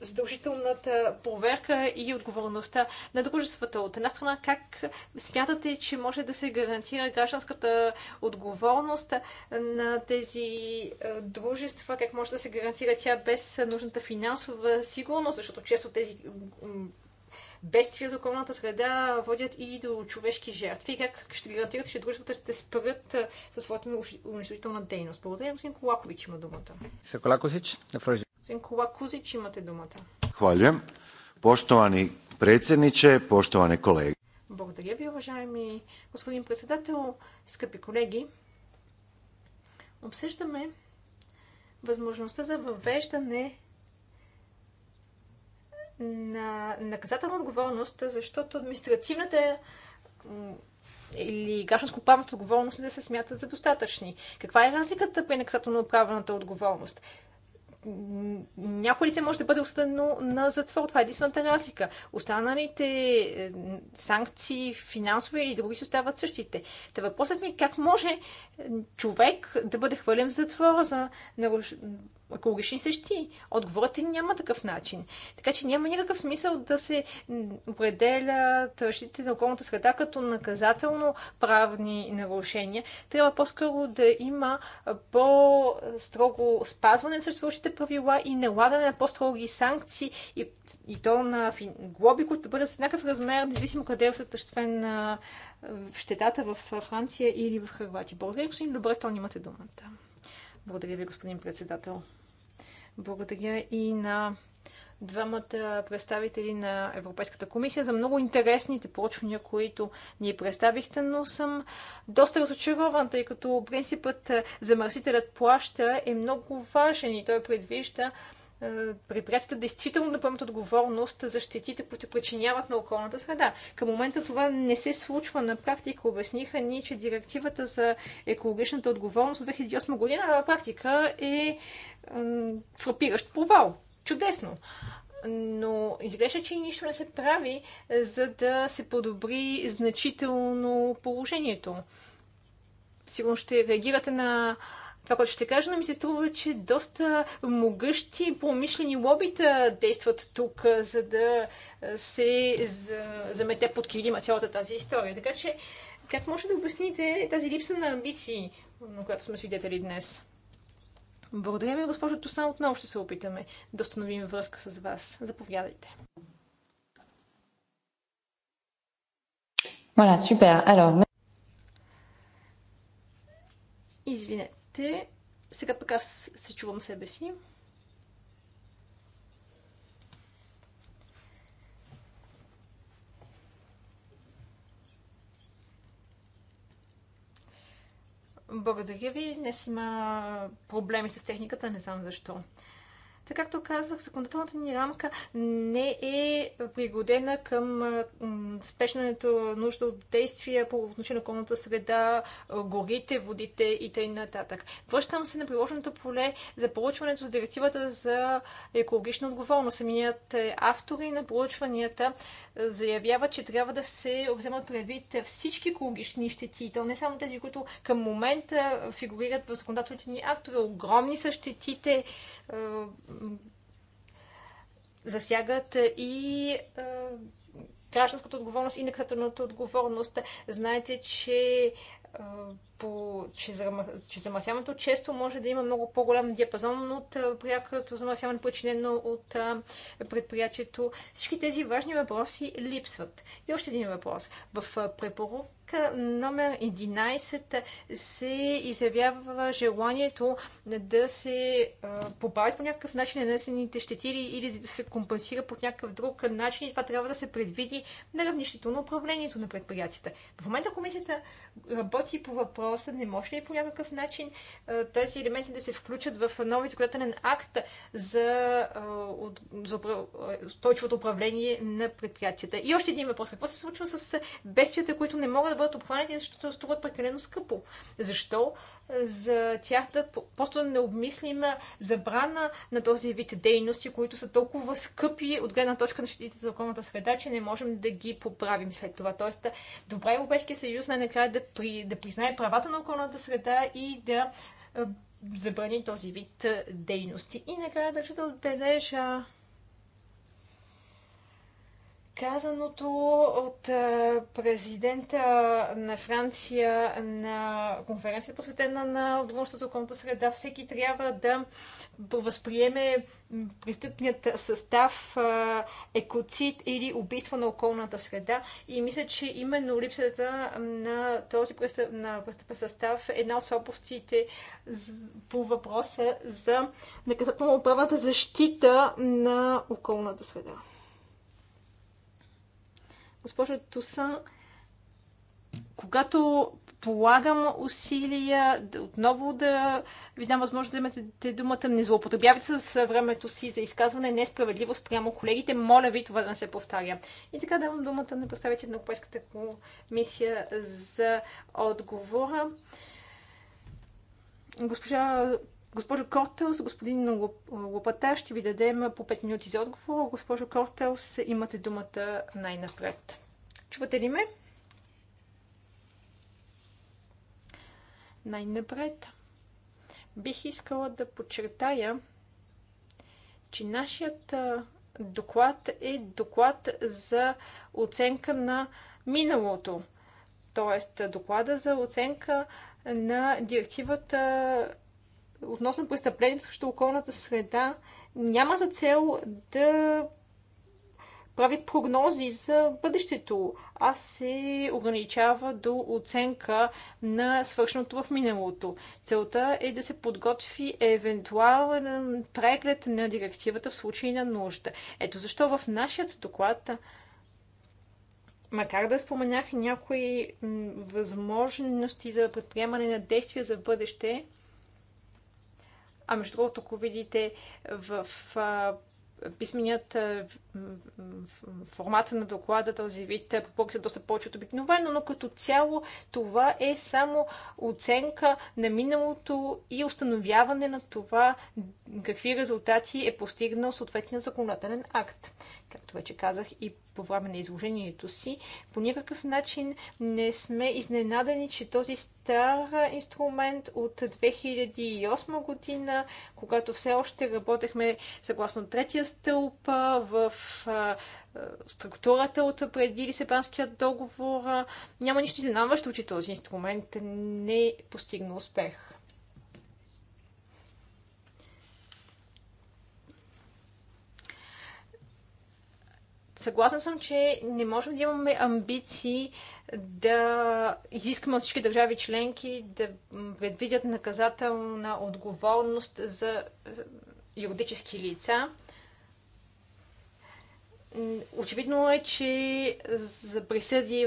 задължителната проверка и отговорността на дружествата. От една страна, как смятате, че може да се гарантира гражданската отговорност на тези дружества? Как може да се гарантира тя без нужната финансова сигурност? Защото често тези бедствия за околната среда водят и до човешки жертви. как ще гарантират, че дружествата ще спрат със своята унищожителна дейност? Благодаря, господин Колакович има думата. Колакович, на фрази. Господин Колакович, имате думата. Хвалям. Поштовани председниче, поштовани колеги. Благодаря ви, уважаеми господин председател, скъпи колеги. Обсъждаме възможността за въвеждане на наказателна отговорност, защото административната или гражданско-правната отговорност не се смятат за достатъчни. Каква е разликата при наказателно-правната отговорност? някой ли се може да бъде осъдено на затвор. Това е единствената разлика. Останалите е, санкции, финансови или други, се остават същите. Та въпросът ми е как може човек да бъде хвърлен в затвора за екологични срещи. Отговорът е няма такъв начин. Така че няма никакъв смисъл да се определят защитите на околната среда като наказателно правни нарушения. Трябва по-скоро да има по-строго спазване на съществуващите правила и налагане на по-строги санкции и, и то на глоби, които да бъдат с някакъв размер, независимо къде е осъществен на щетата в Франция или в Хрватия. Благодаря, господин Добре, то имате думата. Благодаря ви, господин председател. Благодаря и на двамата представители на Европейската комисия за много интересните поручвания, които ни представихте, но съм доста разочарован, тъй като принципът е, замърсителят плаща е много важен и той предвижда е, предприятията действително да поемат отговорност за щетите, които причиняват на околната среда. Към момента това не се случва на практика. Обясниха ни, че директивата за екологичната отговорност от 2008 година на практика е фрапиращ провал. Чудесно! но изглежда, че и нищо не се прави, за да се подобри значително положението. Сигурно ще реагирате на това, което ще кажа, но ми се струва, че доста могъщи промишлени лобита действат тук, за да се замете под килима цялата тази история. Така че, как може да обясните тази липса на амбиции, на която сме свидетели днес? Благодаря ви, госпожо Тусан. Отново ще се опитаме да установим връзка с вас. Заповядайте. Voilà, super. Alors... Извинете чухте. Сега пък аз се чувам себе си. Благодаря ви. Днес има проблеми с техниката, не знам защо. Така както казах, законодателната ни рамка не е пригодена към спешната нужда от действия по отношение на околната среда, горите, водите и т.н. Връщам се на приложеното поле за получването с директивата за екологична отговорност. Самият е, автори на проучванията заявява, че трябва да се вземат предвид всички екологични щети, то не само тези, които към момента фигурират в законодателните ни актове. Огромни са щетите, засягат и гражданската отговорност и наказателната отговорност. Знаете, че по, че, зам... че замърсяването често може да има много по-голям диапазон от прякото замърсяване, причинено от а, предприятието. Всички тези важни въпроси липсват. И още един въпрос. В препоръка номер 11 се изявява желанието да се побавят по някакъв начин нанесените щети или да се компенсира по някакъв друг начин. И това трябва да се предвиди на равнището на управлението на предприятията. В момента комисията работи по въпрос въпроса, не може ли по някакъв начин тези елементи да се включат в нови законодателен акт за, за устойчивото управление на предприятията? И още един въпрос. Какво се случва с бедствията, които не могат да бъдат обхванати, защото струват прекалено скъпо? Защо? за тях да просто не обмислим забрана на този вид дейности, които са толкова скъпи от гледна точка на щитите за околната среда, че не можем да ги поправим след това. Тоест, добре Европейския съюз най-накрая да, при, да признае правата правилата на околната среда и да забрани този вид дейности. И накрая държа да отбележа казаното от президента на Франция на конференция, посветена на отговорността за околната среда. Всеки трябва да възприеме престъпният състав екоцид или убийство на околната среда. И мисля, че именно липсата на този престъп, на престъпен състав е една от слабостите по въпроса за наказателно-правната защита на околната среда. Госпожо Тусан, когато полагам усилия отново да ви дам възможност да вземете думата. Не злоупотребявайте с времето си за изказване. Несправедливо спрямо колегите. Моля ви това да не се повтаря. И така давам думата на представителите на Европейската комисия за отговора. Госпожа Госпожо Кортелс, господин Лопата, ще ви дадем по 5 минути за отговор. Госпожо Кортелс, имате думата най-напред. Чувате ли ме? Най-напред бих искала да подчертая, че нашият доклад е доклад за оценка на миналото. Тоест, доклада за оценка на директивата относно престъпление срещу околната среда няма за цел да прави прогнози за бъдещето, а се ограничава до оценка на свършеното в миналото. Целта е да се подготви евентуален преглед на директивата в случай на нужда. Ето защо в нашия доклад макар да споменах някои възможности за предприемане на действия за бъдеще, а между другото, ако видите в писменият е, формата на доклада, този вид препоръки са е доста повече от обикновено, но като цяло това е само оценка на миналото и установяване на това какви резултати е постигнал съответният законодателен акт както вече казах и по време на изложението си, по никакъв начин не сме изненадани, че този стар инструмент от 2008 година, когато все още работехме съгласно третия стълб в структурата от преди Лисебанския договор, няма нищо изненадващо, че този инструмент не постигна успех. Съгласна съм, че не можем да имаме амбиции да изискаме от всички държави членки да предвидят наказателна отговорност за е, юридически лица. Очевидно е, че за присъди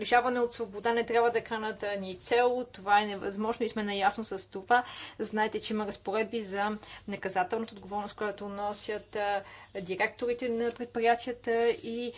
лишаване от свобода не трябва да канат ни цел. Това е невъзможно и сме наясно с това. Знаете, че има разпоредби за наказателната отговорност, която носят директорите на предприятията и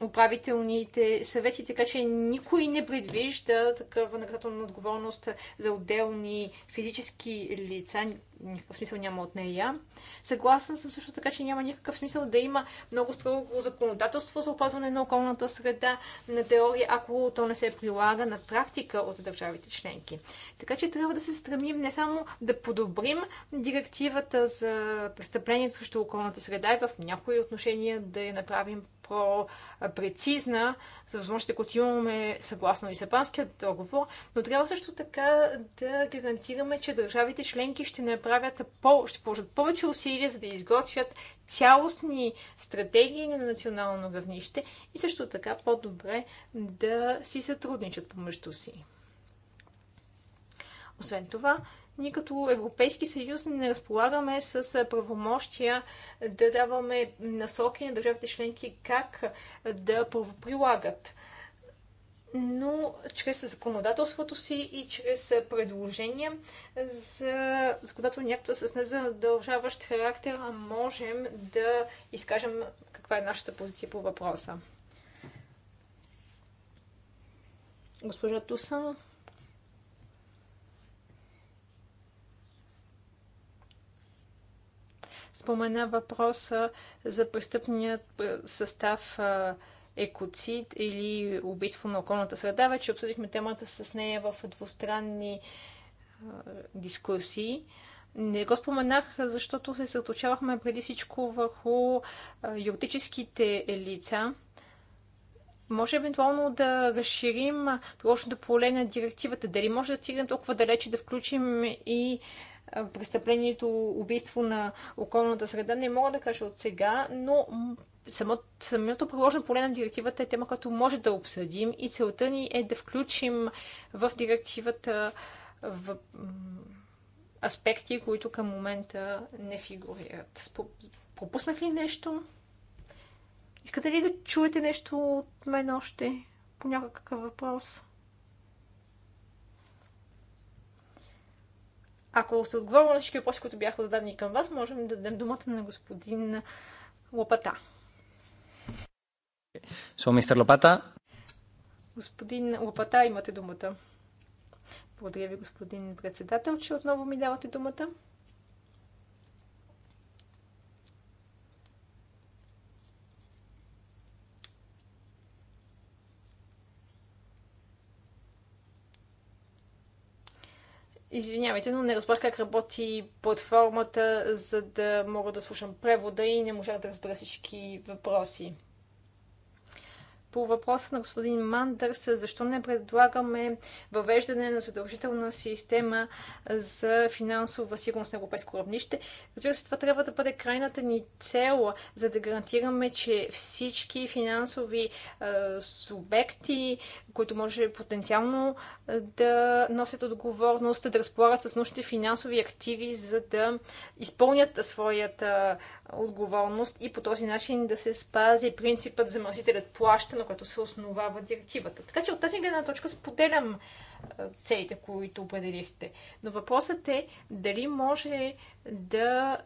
управителните съвети, така че никой не предвижда такава наказателна отговорност за отделни физически лица никакъв смисъл няма от нея. Съгласна съм също така, че няма никакъв смисъл да има много строго законодателство за опазване на околната среда на теория, ако то не се прилага на практика от държавите членки. Така че трябва да се стремим не само да подобрим директивата за престъплението срещу околната среда и в някои отношения да я направим по-прецизна, за възможностите, които имаме съгласно Лисабанският договор, но трябва също така да гарантираме, че държавите членки ще направят по, ще положат повече усилия, за да изготвят цялостни стратегии на национално равнище и също така по-добре да си сътрудничат помежду си. Освен това, ние като Европейски съюз не разполагаме с правомощия да даваме насоки на държавите членки как да прилагат. Но чрез законодателството си и чрез предложения за законодателни актове с незадължаващ характер можем да изкажем каква е нашата позиция по въпроса. Госпожа Тусан. спомена въпроса за престъпният е, състав е, екоцид или убийство на околната среда. Вече обсъдихме темата с нея в двустранни е, дискусии. Не го споменах, защото се съточавахме преди всичко върху юридическите лица. Може евентуално да разширим приложното поле на директивата. Дали може да стигнем толкова далече да включим и престъплението убийство на околната среда не мога да кажа от сега, но самото, самото приложено поле на директивата е тема, която може да обсъдим и целта ни е да включим в директивата в аспекти, които към момента не фигурират. Пропуснах ли нещо? Искате ли да чуете нещо от мен още по някакъв въпрос? Ако се отговоря на всички въпроси, които бяха зададени към вас, можем да дадем думата на господин Лопата. Со мистер Лопата. Господин Лопата, имате думата. Благодаря ви, господин председател, че отново ми давате думата. Извинявайте, но не разбрах как работи платформата, за да мога да слушам превода и не можах да разбера всички въпроси по въпроса на господин Мандърс, защо не предлагаме въвеждане на задължителна система за финансова сигурност на европейско равнище. Разбира се, това трябва да бъде крайната ни цел, за да гарантираме, че всички финансови е, субекти, които може потенциално да носят отговорност, да разполагат с нужните финансови активи, за да изпълнят своята отговорност и по този начин да се спази принципът замърсителят плаща, на което се основава директивата. Така че от тази гледна точка споделям е, целите, които определихте. Но въпросът е дали може да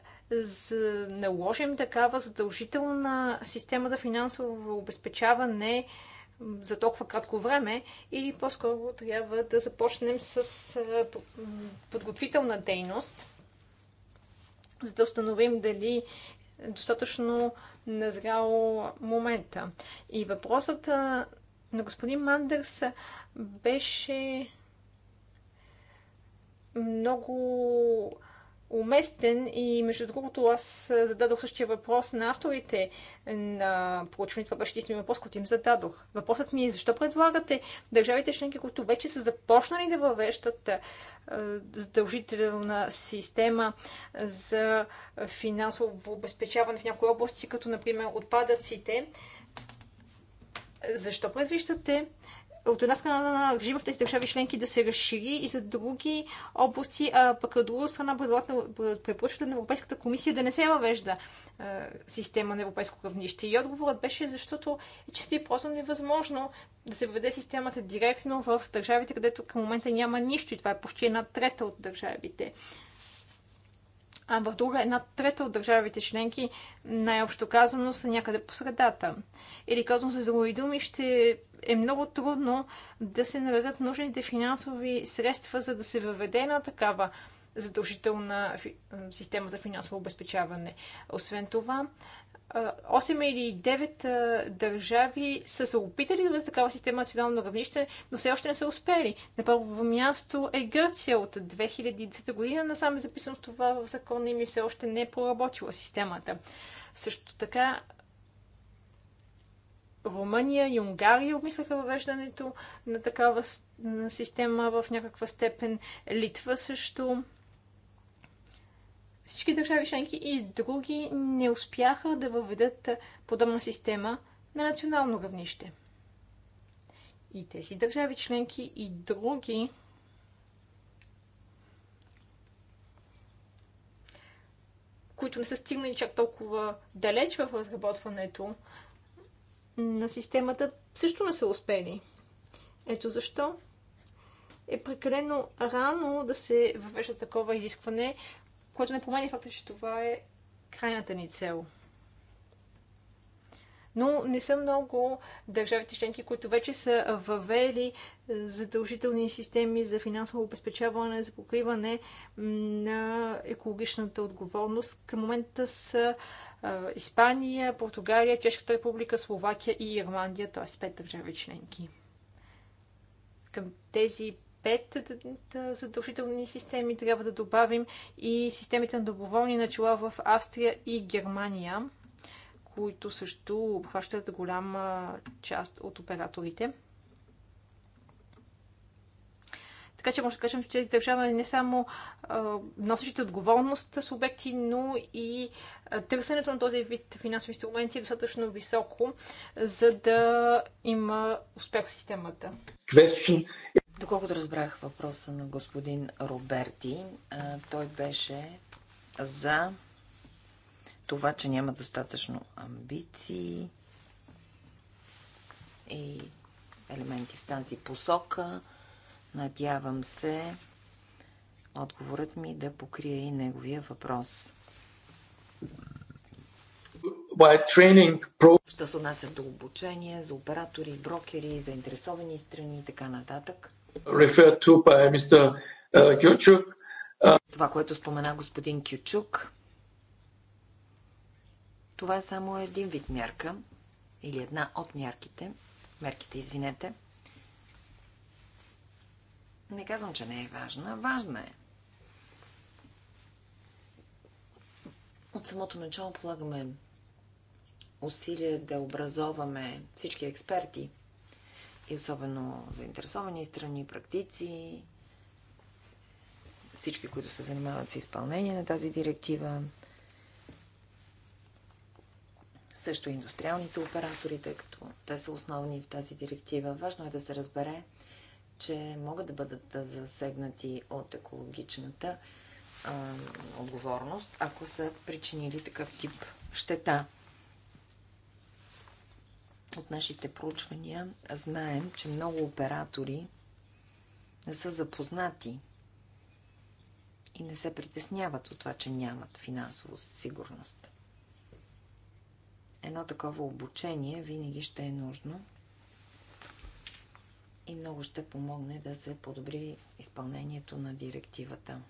наложим такава задължителна система за финансово обезпечаване за толкова кратко време или по-скоро трябва да започнем с е, подготвителна дейност, за да установим дали достатъчно назрял момента. И въпросът на господин Мандърс беше много уместен и между другото аз зададох същия въпрос на авторите на проучване. Това беше единствения въпрос, който им зададох. Въпросът ми е защо предлагате държавите членки, които вече са започнали да въвеждат задължителна система за финансово обезпечаване в някои области, като например отпадъците, защо предвиждате от една страна на режима в тези държави членки да се разшири и за други области, а пък от друга страна препоръчвате на Европейската комисия да не се въвежда система на европейско равнище. И отговорът беше, защото е чисто и просто невъзможно да се въведе системата директно в държавите, където към момента няма нищо и това е почти една трета от държавите а в друга една трета от държавите членки, най-общо казано, са някъде по средата. Или казвам за други думи, ще е много трудно да се наведат нужните финансови средства, за да се въведе на такава задължителна система за финансово обезпечаване. Освен това, 8 или 9 държави са се опитали да бъдат такава система на национално равнище, но все още не са успели. На първо място е Гърция от 2010 година, насам е записано това в закона им и все още не е проработила системата. Също така Румъния и Унгария обмисляха въвеждането на такава система в някаква степен. Литва също всички държави членки и други не успяха да въведат подобна система на национално равнище. И тези държави членки и други които не са стигнали чак толкова далеч в разработването на системата, също не са успели. Ето защо е прекалено рано да се въвежда такова изискване което не променя факта, че това е крайната ни цел. Но не са много държавите членки, които вече са въвели задължителни системи за финансово обезпечаване, за покриване на екологичната отговорност. Към момента са Испания, Португалия, Чешката република, Словакия и Ирландия, т.е. пет държави членки. Към тези пет задължителни системи. Трябва да добавим и системите на доброволни начала в Австрия и Германия, които също обхващат голяма част от операторите. Така че може да кажем, че тези държава не само носещите отговорност субекти, но и търсенето на този вид финансови инструменти е достатъчно високо, за да има успех в системата. Question. Доколкото разбрах въпроса на господин Роберти, той беше за това, че няма достатъчно амбиции и елементи в тази посока. Надявам се отговорът ми да покрие и неговия въпрос. Що се отнася до обучение за оператори, брокери, заинтересовани страни и така нататък – referred to by Mr. Uh, Kyuchuk. Това, което спомена господин Кючук, това е само един вид мярка или една от мярките. Мерките, извинете. Не казвам, че не е важна. Важна е. От самото начало полагаме усилия да образоваме всички експерти и особено заинтересовани страни, практици, всички, които се занимават с изпълнение на тази директива, също индустриалните оператори, тъй като те са основни в тази директива. Важно е да се разбере, че могат да бъдат засегнати от екологичната а, отговорност, ако са причинили такъв тип щета от нашите проучвания знаем, че много оператори не са запознати и не се притесняват от това, че нямат финансово сигурност. Едно такова обучение винаги ще е нужно и много ще помогне да се подобри изпълнението на директивата.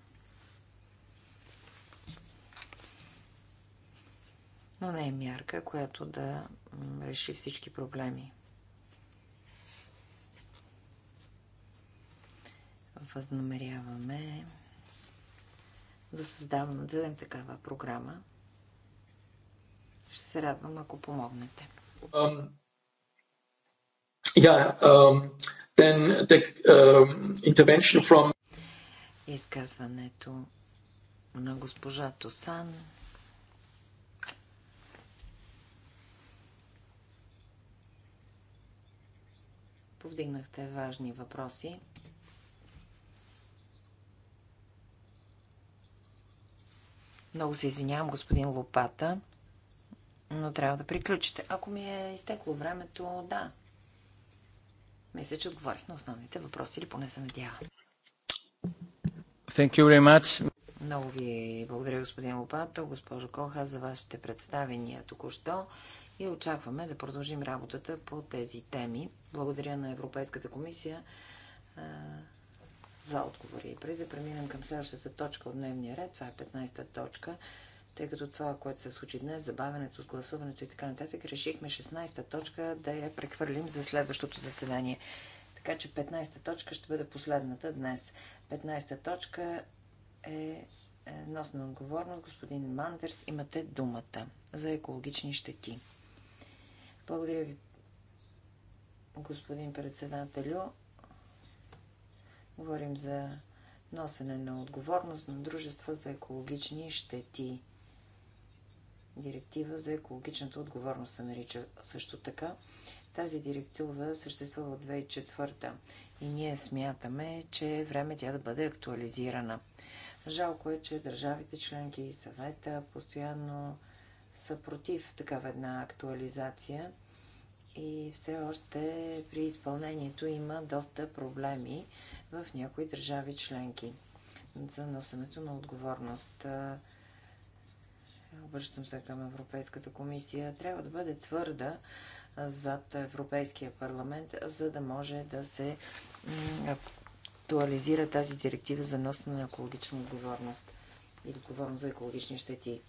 но не е мярка, която да реши всички проблеми. Възнамеряваме да създаваме, да дадем такава програма. Ще се радвам, ако помогнете. Um, yeah, um, then the, um, intervention from... Изказването на госпожа Тосан Повдигнахте важни въпроси. Много се извинявам, господин Лопата, но трябва да приключите. Ако ми е изтекло времето, да. Мисля, че отговорих на основните въпроси, или поне се надявам. Thank you very much. Много ви благодаря, господин Лопато, госпожо Коха, за вашите представения току-що и очакваме да продължим работата по тези теми. Благодаря на Европейската комисия а, за отговори. И преди да преминем към следващата точка от дневния ред, това е 15-та точка, тъй като това, което се случи днес, забавянето с гласуването и така нататък, решихме 16-та точка да я прехвърлим за следващото заседание. Така че 15-та точка ще бъде последната днес. 15-та точка е, е носна отговорност. Господин Мандерс, имате думата за екологични щети. Благодаря ви, господин председателю. Говорим за носене на отговорност на дружества за екологични щети. Директива за екологичната отговорност се нарича също така. Тази директива съществува от 2004 и ние смятаме, че е време тя да бъде актуализирана. Жалко е, че държавите членки и съвета постоянно са против такава една актуализация и все още при изпълнението има доста проблеми в някои държави членки за носенето на отговорност. Обръщам се към Европейската комисия. Трябва да бъде твърда зад Европейския парламент, за да може да се актуализира тази директива за носене на екологична отговорност или отговорност за екологични щети.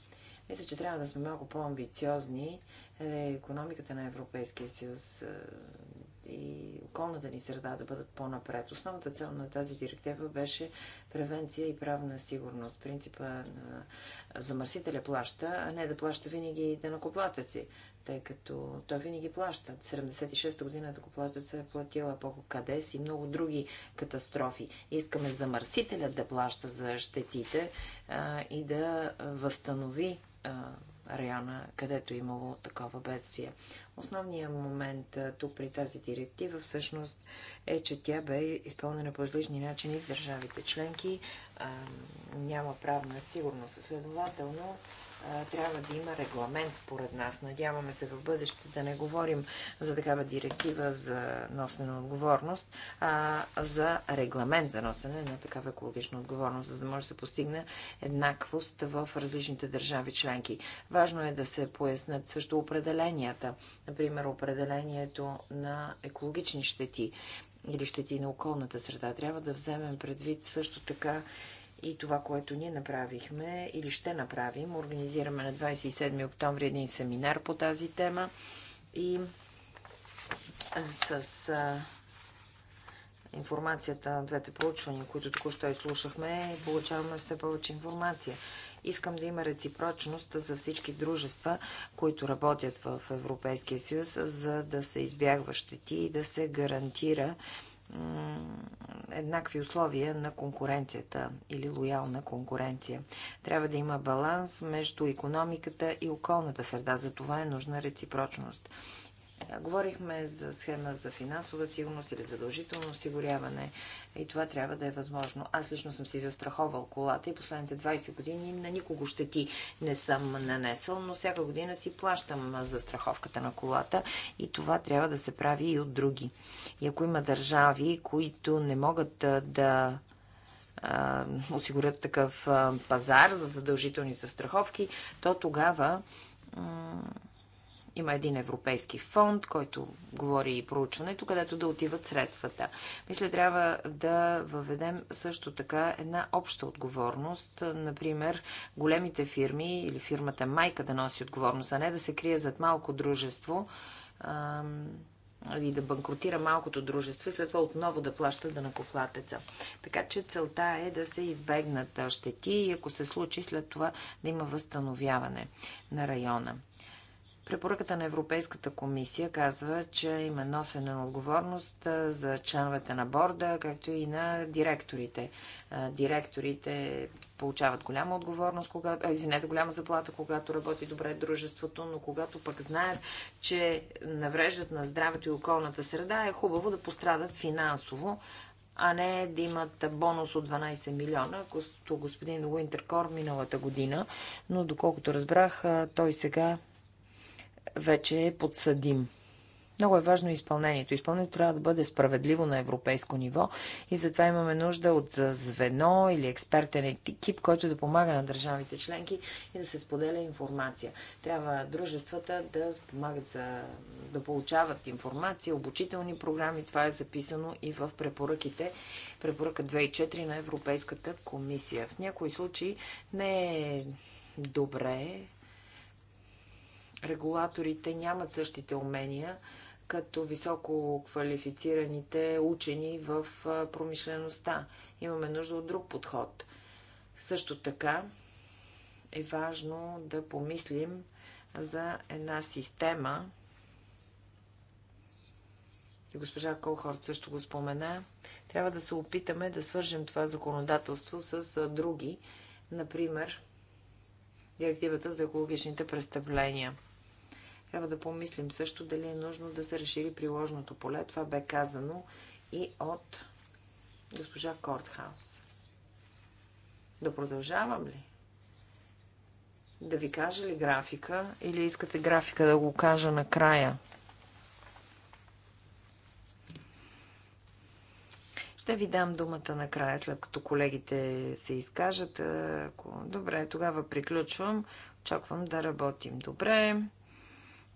Мисля, че трябва да сме малко по-амбициозни. Е, економиката на Европейския съюз е, и околната ни среда да бъдат по-напред. Основната цел на тази директива беше превенция и правна сигурност. Принципа на замърсителя плаща, а не да плаща винаги денокоплатъци, тъй като той винаги плаща. 76-та година денокоплатъца е платила по кадес и много други катастрофи. Искаме замърсителя да плаща за щетите а, и да възстанови района, където е имало такова бедствие. Основният момент тук при тази директива всъщност е, че тя бе изпълнена по различни начини в държавите членки. няма правна сигурност. Следователно, трябва да има регламент, според нас. Надяваме се в бъдеще да не говорим за такава директива за носене на отговорност, а за регламент за носене на такава екологична отговорност, за да може да се постигне еднаквост в различните държави членки. Важно е да се пояснат също определенията, например определението на екологични щети или щети на околната среда. Трябва да вземем предвид също така и това, което ние направихме или ще направим, организираме на 27 октомври един семинар по тази тема и с а, информацията на двете проучвания, които току-що изслушахме, получаваме все повече информация. Искам да има реципрочност за всички дружества, които работят в Европейския съюз, за да се избягва щети и да се гарантира еднакви условия на конкуренцията или лоялна конкуренция. Трябва да има баланс между економиката и околната среда. За това е нужна реципрочност. Е, говорихме за схема за финансова сигурност или задължително осигуряване и това трябва да е възможно. Аз лично съм си застраховал колата и последните 20 години на никого щети не съм нанесъл, но всяка година си плащам за страховката на колата и това трябва да се прави и от други. И ако има държави, които не могат да осигурят такъв пазар за задължителни застраховки, то тогава има един европейски фонд, който говори и проучването, където да отиват средствата. Мисля, трябва да въведем също така една обща отговорност. Например, големите фирми или фирмата майка да носи отговорност, а не да се крие зад малко дружество и да банкротира малкото дружество и след това отново да плаща да накоплатеца. Така че целта е да се избегнат щети и ако се случи след това да има възстановяване на района. Препоръката на Европейската комисия казва, че има носена отговорност за членовете на борда, както и на директорите. Директорите получават голяма отговорност, когато, извинете, голяма заплата, когато работи добре дружеството, но когато пък знаят, че навреждат на здравето и околната среда, е хубаво да пострадат финансово, а не да имат бонус от 12 милиона, като господин Уинтеркор миналата година. Но доколкото разбрах, той сега вече е подсъдим. Много е важно изпълнението. Изпълнението трябва да бъде справедливо на европейско ниво и затова имаме нужда от звено или експертен екип, който да помага на държавите членки и да се споделя информация. Трябва дружествата да помагат за, да получават информация, обучителни програми. Това е записано и в препоръките, препоръка 2.4 на Европейската комисия. В някои случаи не е добре регулаторите нямат същите умения като високо квалифицираните учени в промишлеността. Имаме нужда от друг подход. Също така е важно да помислим за една система, и госпожа Колхорт също го спомена, трябва да се опитаме да свържем това законодателство с други, например, директивата за екологичните престъпления. Трябва да помислим също дали е нужно да се разшири приложното поле. Това бе казано и от госпожа Кортхаус. Да продължавам ли? Да ви кажа ли графика или искате графика да го кажа накрая? Ще ви дам думата накрая, след като колегите се изкажат. Добре, тогава приключвам. Очаквам да работим добре.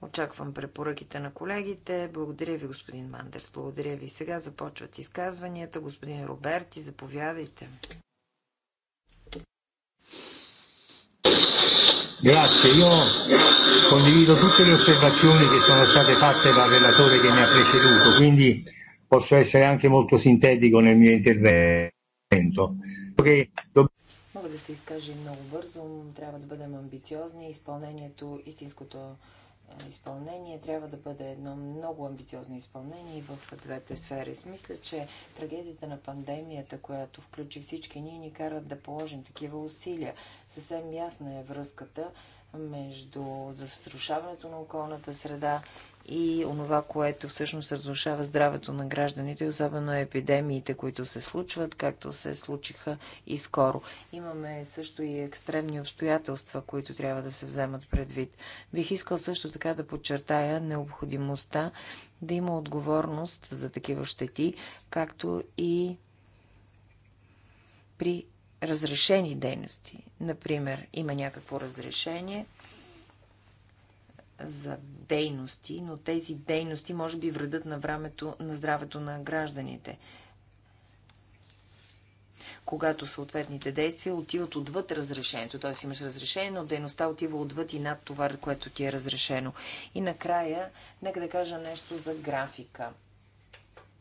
Очаквам препоръките на колегите. Благодаря ви, господин Мандерс. Благодаря ви. Сега започват изказванията. Господин Роберти, заповядайте. Grazie, io condivido tutte le osservazioni che sono state fatte dal relatore che mi ha preceduto, quindi posso essere anche molto sintetico nel mio intervento. Che Мога да се изкажа много бързо, трябва да бъдем амбициозни. Изпълнението, истинското изпълнение трябва да бъде едно много амбициозно изпълнение в двете сфери. Мисля, че трагедията на пандемията, която включи всички ние, ни карат да положим такива усилия. Съвсем ясна е връзката между заструшаването на околната среда и онова, което всъщност разрушава здравето на гражданите, особено епидемиите, които се случват, както се случиха и скоро. Имаме също и екстремни обстоятелства, които трябва да се вземат предвид. Бих искал също така да подчертая необходимостта да има отговорност за такива щети, както и при разрешени дейности. Например, има някакво разрешение, за дейности, но тези дейности може би вредят на, времето, на здравето на гражданите. Когато съответните действия отиват отвъд разрешението, т.е. имаш разрешение, но дейността отива отвъд и над това, което ти е разрешено. И накрая, нека да кажа нещо за графика.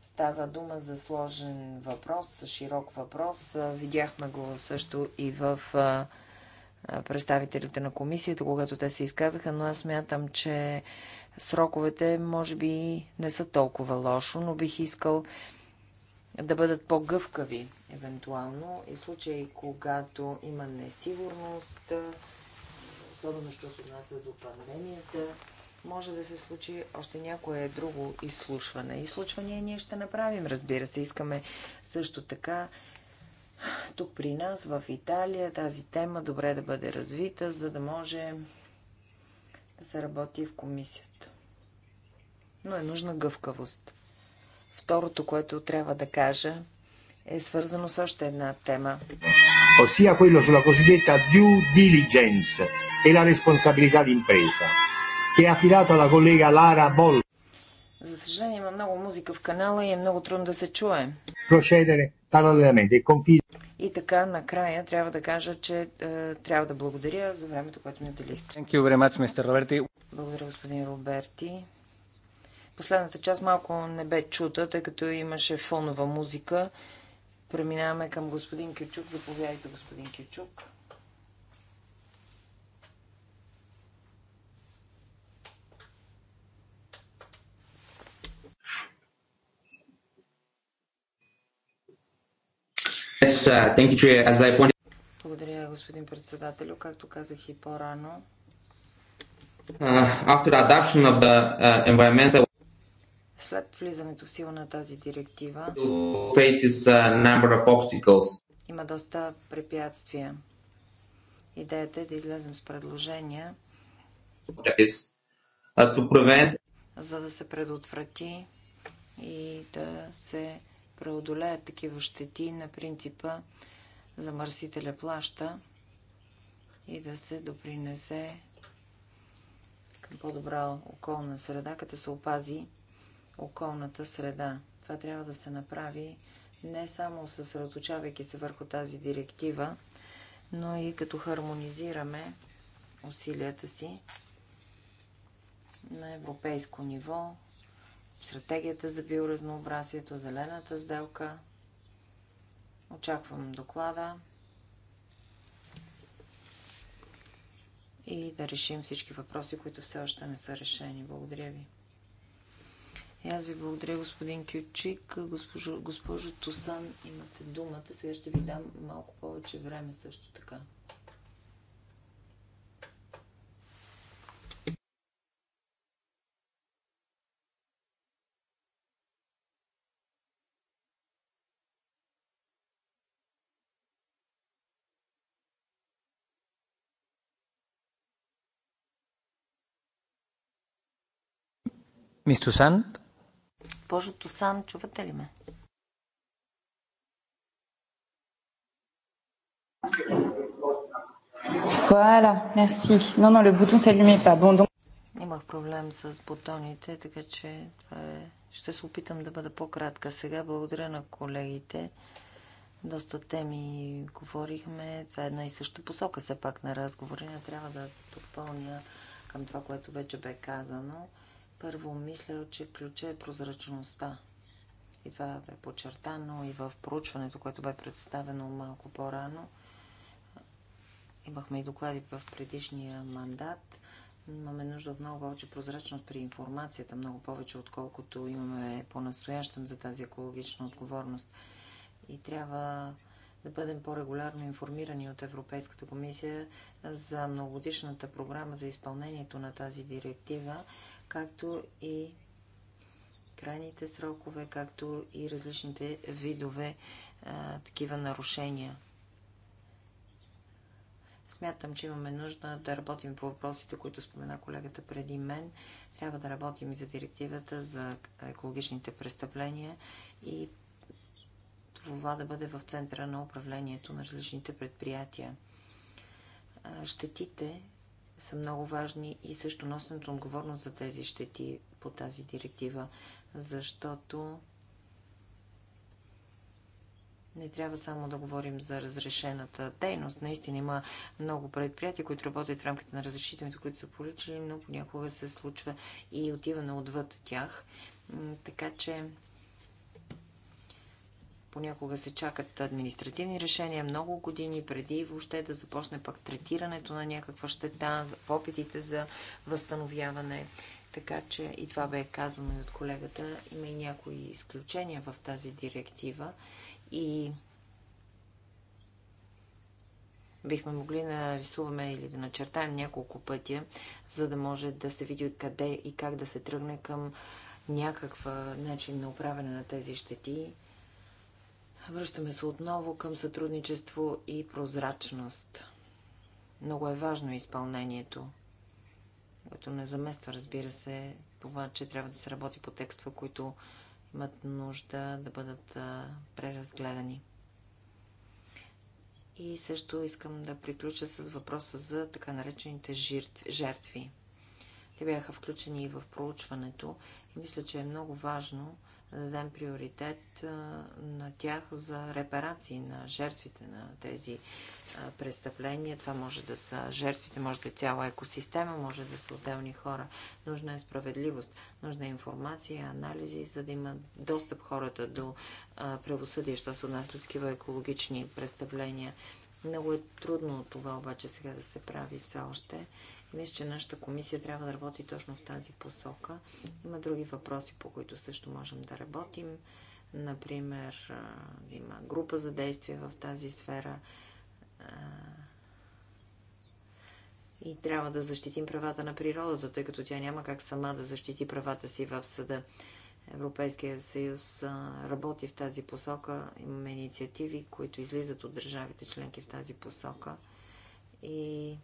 Става дума за сложен въпрос, широк въпрос. Видяхме го също и в представителите на комисията, когато те се изказаха, но аз мятам, че сроковете може би не са толкова лошо, но бих искал да бъдат по-гъвкави, евентуално, и в случай, когато има несигурност, особено що се отнася до пандемията, може да се случи още някое друго изслушване. Изслушвания ние ще направим, разбира се. Искаме също така тук при нас, в Италия, тази тема добре да бъде развита, за да може да се работи в комисията. Но е нужна гъвкавост. Второто, което трябва да кажа, е свързано с още една тема. Ossia quello sulla cosiddetta due diligence e la responsabilità d'impresa, che è affidato alla collega Lara Boll. За съжаление има много музика в канала и е много трудно да се чуе. Procedere parallelamente e confidere и така, накрая трябва да кажа, че е, трябва да благодаря за времето, което ми отделихте. Much, благодаря, господин Роберти. Последната част малко не бе чута, тъй като имаше фонова музика. Преминаваме към господин Кючук. Заповядайте, господин Кючук. Uh, Благодаря, господин председателю. Както казах и по-рано, uh, uh след влизането в сила на тази директива има доста препятствия. Идеята е да излезем с предложения uh, за да се предотврати и да се преодолеят такива щети на принципа замърсителя плаща и да се допринесе към по-добра околна среда, като се опази околната среда. Това трябва да се направи не само съсредоточавайки се върху тази директива, но и като хармонизираме усилията си на европейско ниво стратегията за биоразнообразието, зелената сделка. Очаквам доклада и да решим всички въпроси, които все още не са решени. Благодаря ви. И аз ви благодаря, господин Кючик. Госпожо, госпожо имате думата. Сега ще ви дам малко повече време също така. Мисто Сан? Госпожо Тосан, чувате ли ме? Voilà, мерси. Но, но, le се люми па. Имах проблем с бутоните, така че това е... ще се опитам да бъда по-кратка сега. Благодаря на колегите. Доста теми говорихме. Това е една и съща посока все пак на разговори. Не трябва да допълня към това, което вече бе казано. Първо, мисля, че ключа е прозрачността. И това бе подчертано и в проучването, което бе представено малко по-рано. Имахме и доклади в предишния мандат. Имаме нужда от много повече прозрачност при информацията, много повече, отколкото имаме по-настоящем за тази екологична отговорност. И трябва да бъдем по-регулярно информирани от Европейската комисия за многогодишната програма за изпълнението на тази директива както и крайните срокове, както и различните видове а, такива нарушения. Смятам, че имаме нужда да работим по въпросите, които спомена колегата преди мен. Трябва да работим и за директивата за екологичните престъпления и това да бъде в центъра на управлението на различните предприятия. Щетите са много важни и също носенето отговорност за тези щети по тази директива, защото не трябва само да говорим за разрешената дейност. Наистина има много предприятия, които работят в рамките на разрешителните, които са получили, но понякога се случва и отиване отвъд тях. Така че Понякога се чакат административни решения много години преди въобще да започне пък третирането на някаква щета, опитите за възстановяване. Така че и това бе казано и от колегата. Има и някои изключения в тази директива и бихме могли да нарисуваме или да начертаем няколко пътя, за да може да се види къде и как да се тръгне към някаква начин на управяне на тези щети Връщаме се отново към сътрудничество и прозрачност. Много е важно изпълнението, което не замества, разбира се, това, че трябва да се работи по текстове, които имат нужда да бъдат преразгледани. И също искам да приключа с въпроса за така наречените жертви. Те бяха включени и в проучването и мисля, че е много важно да дадем приоритет на тях за репарации на жертвите на тези престъпления. Това може да са жертвите, може да е цяла екосистема, може да са отделни хора. Нужна е справедливост, нужна е информация, анализи, за да има достъп хората до правосъдие, що се отнася до такива екологични престъпления. Много е трудно това обаче сега да се прави все още. Мисля, че нашата комисия трябва да работи точно в тази посока. Има други въпроси, по които също можем да работим. Например, има група за действие в тази сфера и трябва да защитим правата на природата, тъй като тя няма как сама да защити правата си в съда. Европейския съюз работи в тази посока. Имаме инициативи, които излизат от държавите членки в тази посока. И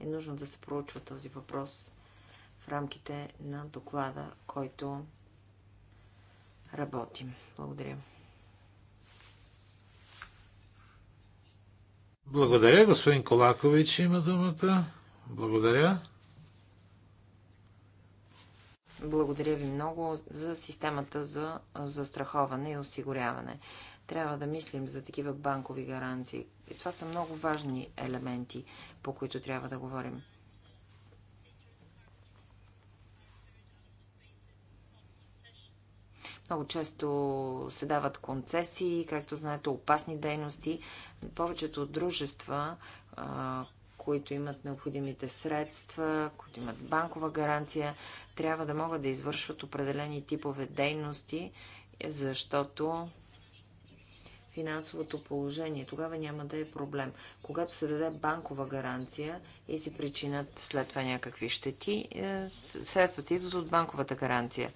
е нужно да се проучва този въпрос в рамките на доклада, който работим. Благодаря. Благодаря, господин Колакович има думата. Благодаря. Благодаря ви много за системата за застраховане и осигуряване. Трябва да мислим за такива банкови гаранции. И това са много важни елементи, по които трябва да говорим. Много често се дават концесии, както знаете, опасни дейности. Повечето дружества, които имат необходимите средства, които имат банкова гаранция, трябва да могат да извършват определени типове дейности, защото финансовото положение тогава няма да е проблем. Когато се даде банкова гаранция и се причинат след това някакви щети, е, средствата идват от банковата гаранция.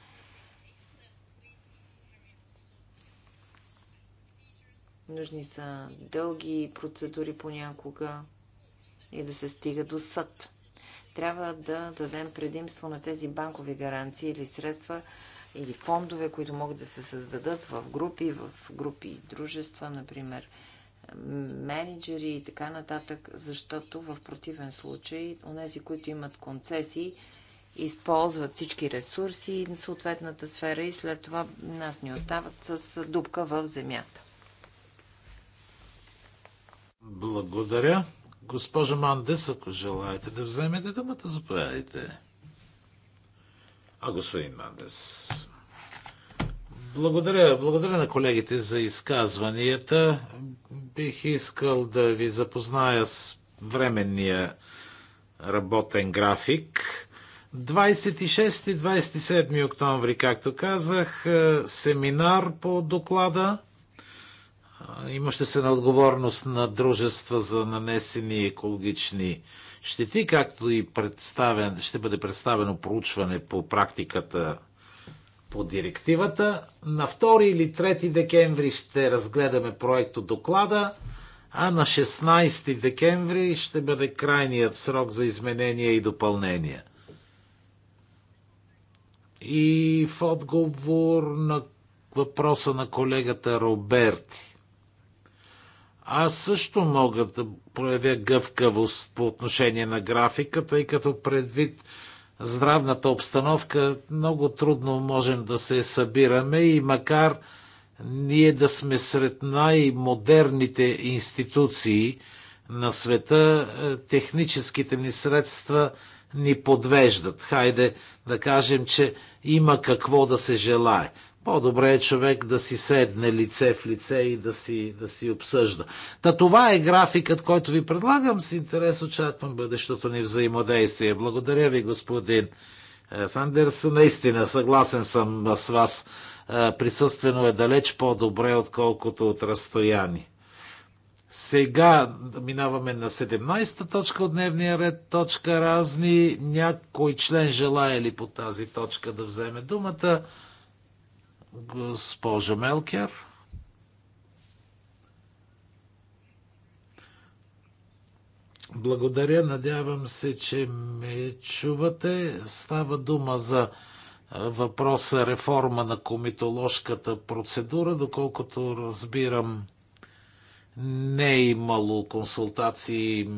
Нужни са дълги процедури понякога и да се стига до съд. Трябва да дадем предимство на тези банкови гаранции или средства, или фондове, които могат да се създадат в групи, в групи дружества, например, менеджери и така нататък, защото в противен случай, онези, които имат концесии, използват всички ресурси на съответната сфера и след това нас ни остават с дупка в земята. Благодаря. Госпожа Мандес, ако желаете да вземете думата, заповядайте. А господин Мандес. Благодаря, благодаря на колегите за изказванията. Бих искал да ви запозная с временния работен график. 26 и 27 октомври, както казах, е, семинар по доклада на отговорност на дружества за нанесени екологични щети, както и представен, ще бъде представено проучване по практиката по директивата. На 2 или 3 декември ще разгледаме проекто доклада, а на 16 декември ще бъде крайният срок за изменения и допълнения. И в отговор на въпроса на колегата Роберти. Аз също мога да проявя гъвкавост по отношение на графиката, тъй като предвид здравната обстановка много трудно можем да се събираме и макар ние да сме сред най-модерните институции на света, е, техническите ни средства ни подвеждат. Хайде да кажем, че има какво да се желае. По-добре е човек да си седне лице в лице и да си, да си обсъжда. Та това е графикът, който ви предлагам. С интерес очаквам бъдещото ни взаимодействие. Благодаря ви, господин е, Сандерс. Наистина, съгласен съм с вас. Е, присъствено е далеч по-добре, отколкото от разстояние. Сега минаваме на 17-та точка от дневния ред, точка разни. Някой член желая ли по тази точка да вземе думата? Госпожо Мелкер. Благодаря, надявам се, че ме чувате. Става дума за въпроса реформа на комитоложката процедура. Доколкото разбирам, не е имало консултации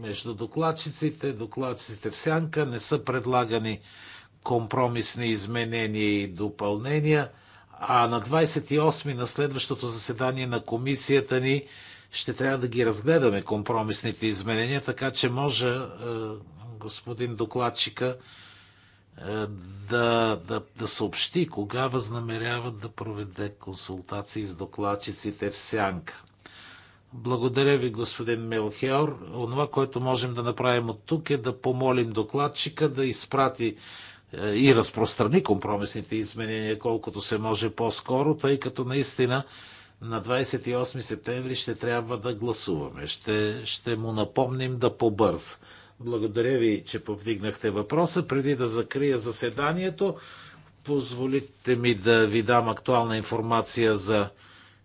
между докладчиците. Докладчиците в сянка не са предлагани компромисни изменения и допълнения – а на 28 на следващото заседание на комисията ни ще трябва да ги разгледаме компромисните изменения, така че може е, господин докладчика е, да, да, да съобщи кога възнамерява да проведе консултации с докладчиците в Сянка. Благодаря ви, господин Мелхиор. Онова, което можем да направим от тук е да помолим докладчика да изпрати е, и разпространи компромисните изменения колкото се може по-скоро, тъй като наистина на 28 септември ще трябва да гласуваме. Ще, ще му напомним да побърз. Благодаря ви, че повдигнахте въпроса. Преди да закрия заседанието, позволите ми да ви дам актуална информация за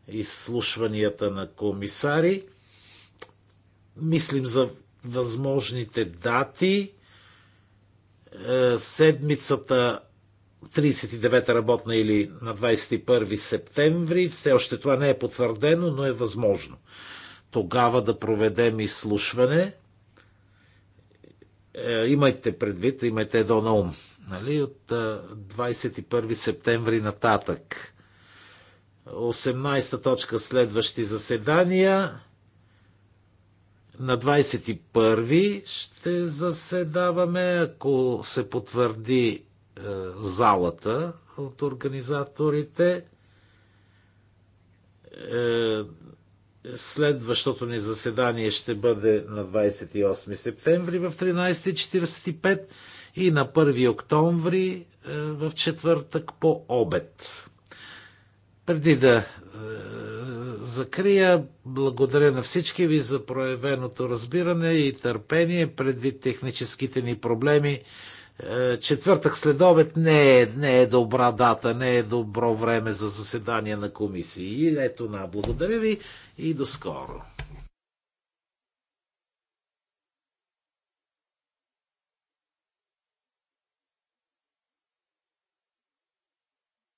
изслушванията на комисари. Мислим за възможните дати е, седмицата 39-та работна или на 21 септември. Все още това не е потвърдено, но е възможно. Тогава да проведем изслушване. Е, имайте предвид, имайте едно на ум. Нали? От 21 е, септември нататък. 18 та точка следващи заседания. На 21 ще заседаваме, ако се потвърди е, залата от организаторите. Е, следващото ни заседание ще бъде на 28 септември в 13.45 и на 1 октомври е, в четвъртък по обед. Преди да е, закрия. Благодаря на всички ви за проявеното разбиране и търпение предвид техническите ни проблеми. Е, четвъртък след обед не е, не е добра дата, не е добро време за заседание на комисии. Ето на, благодаря ви и до скоро.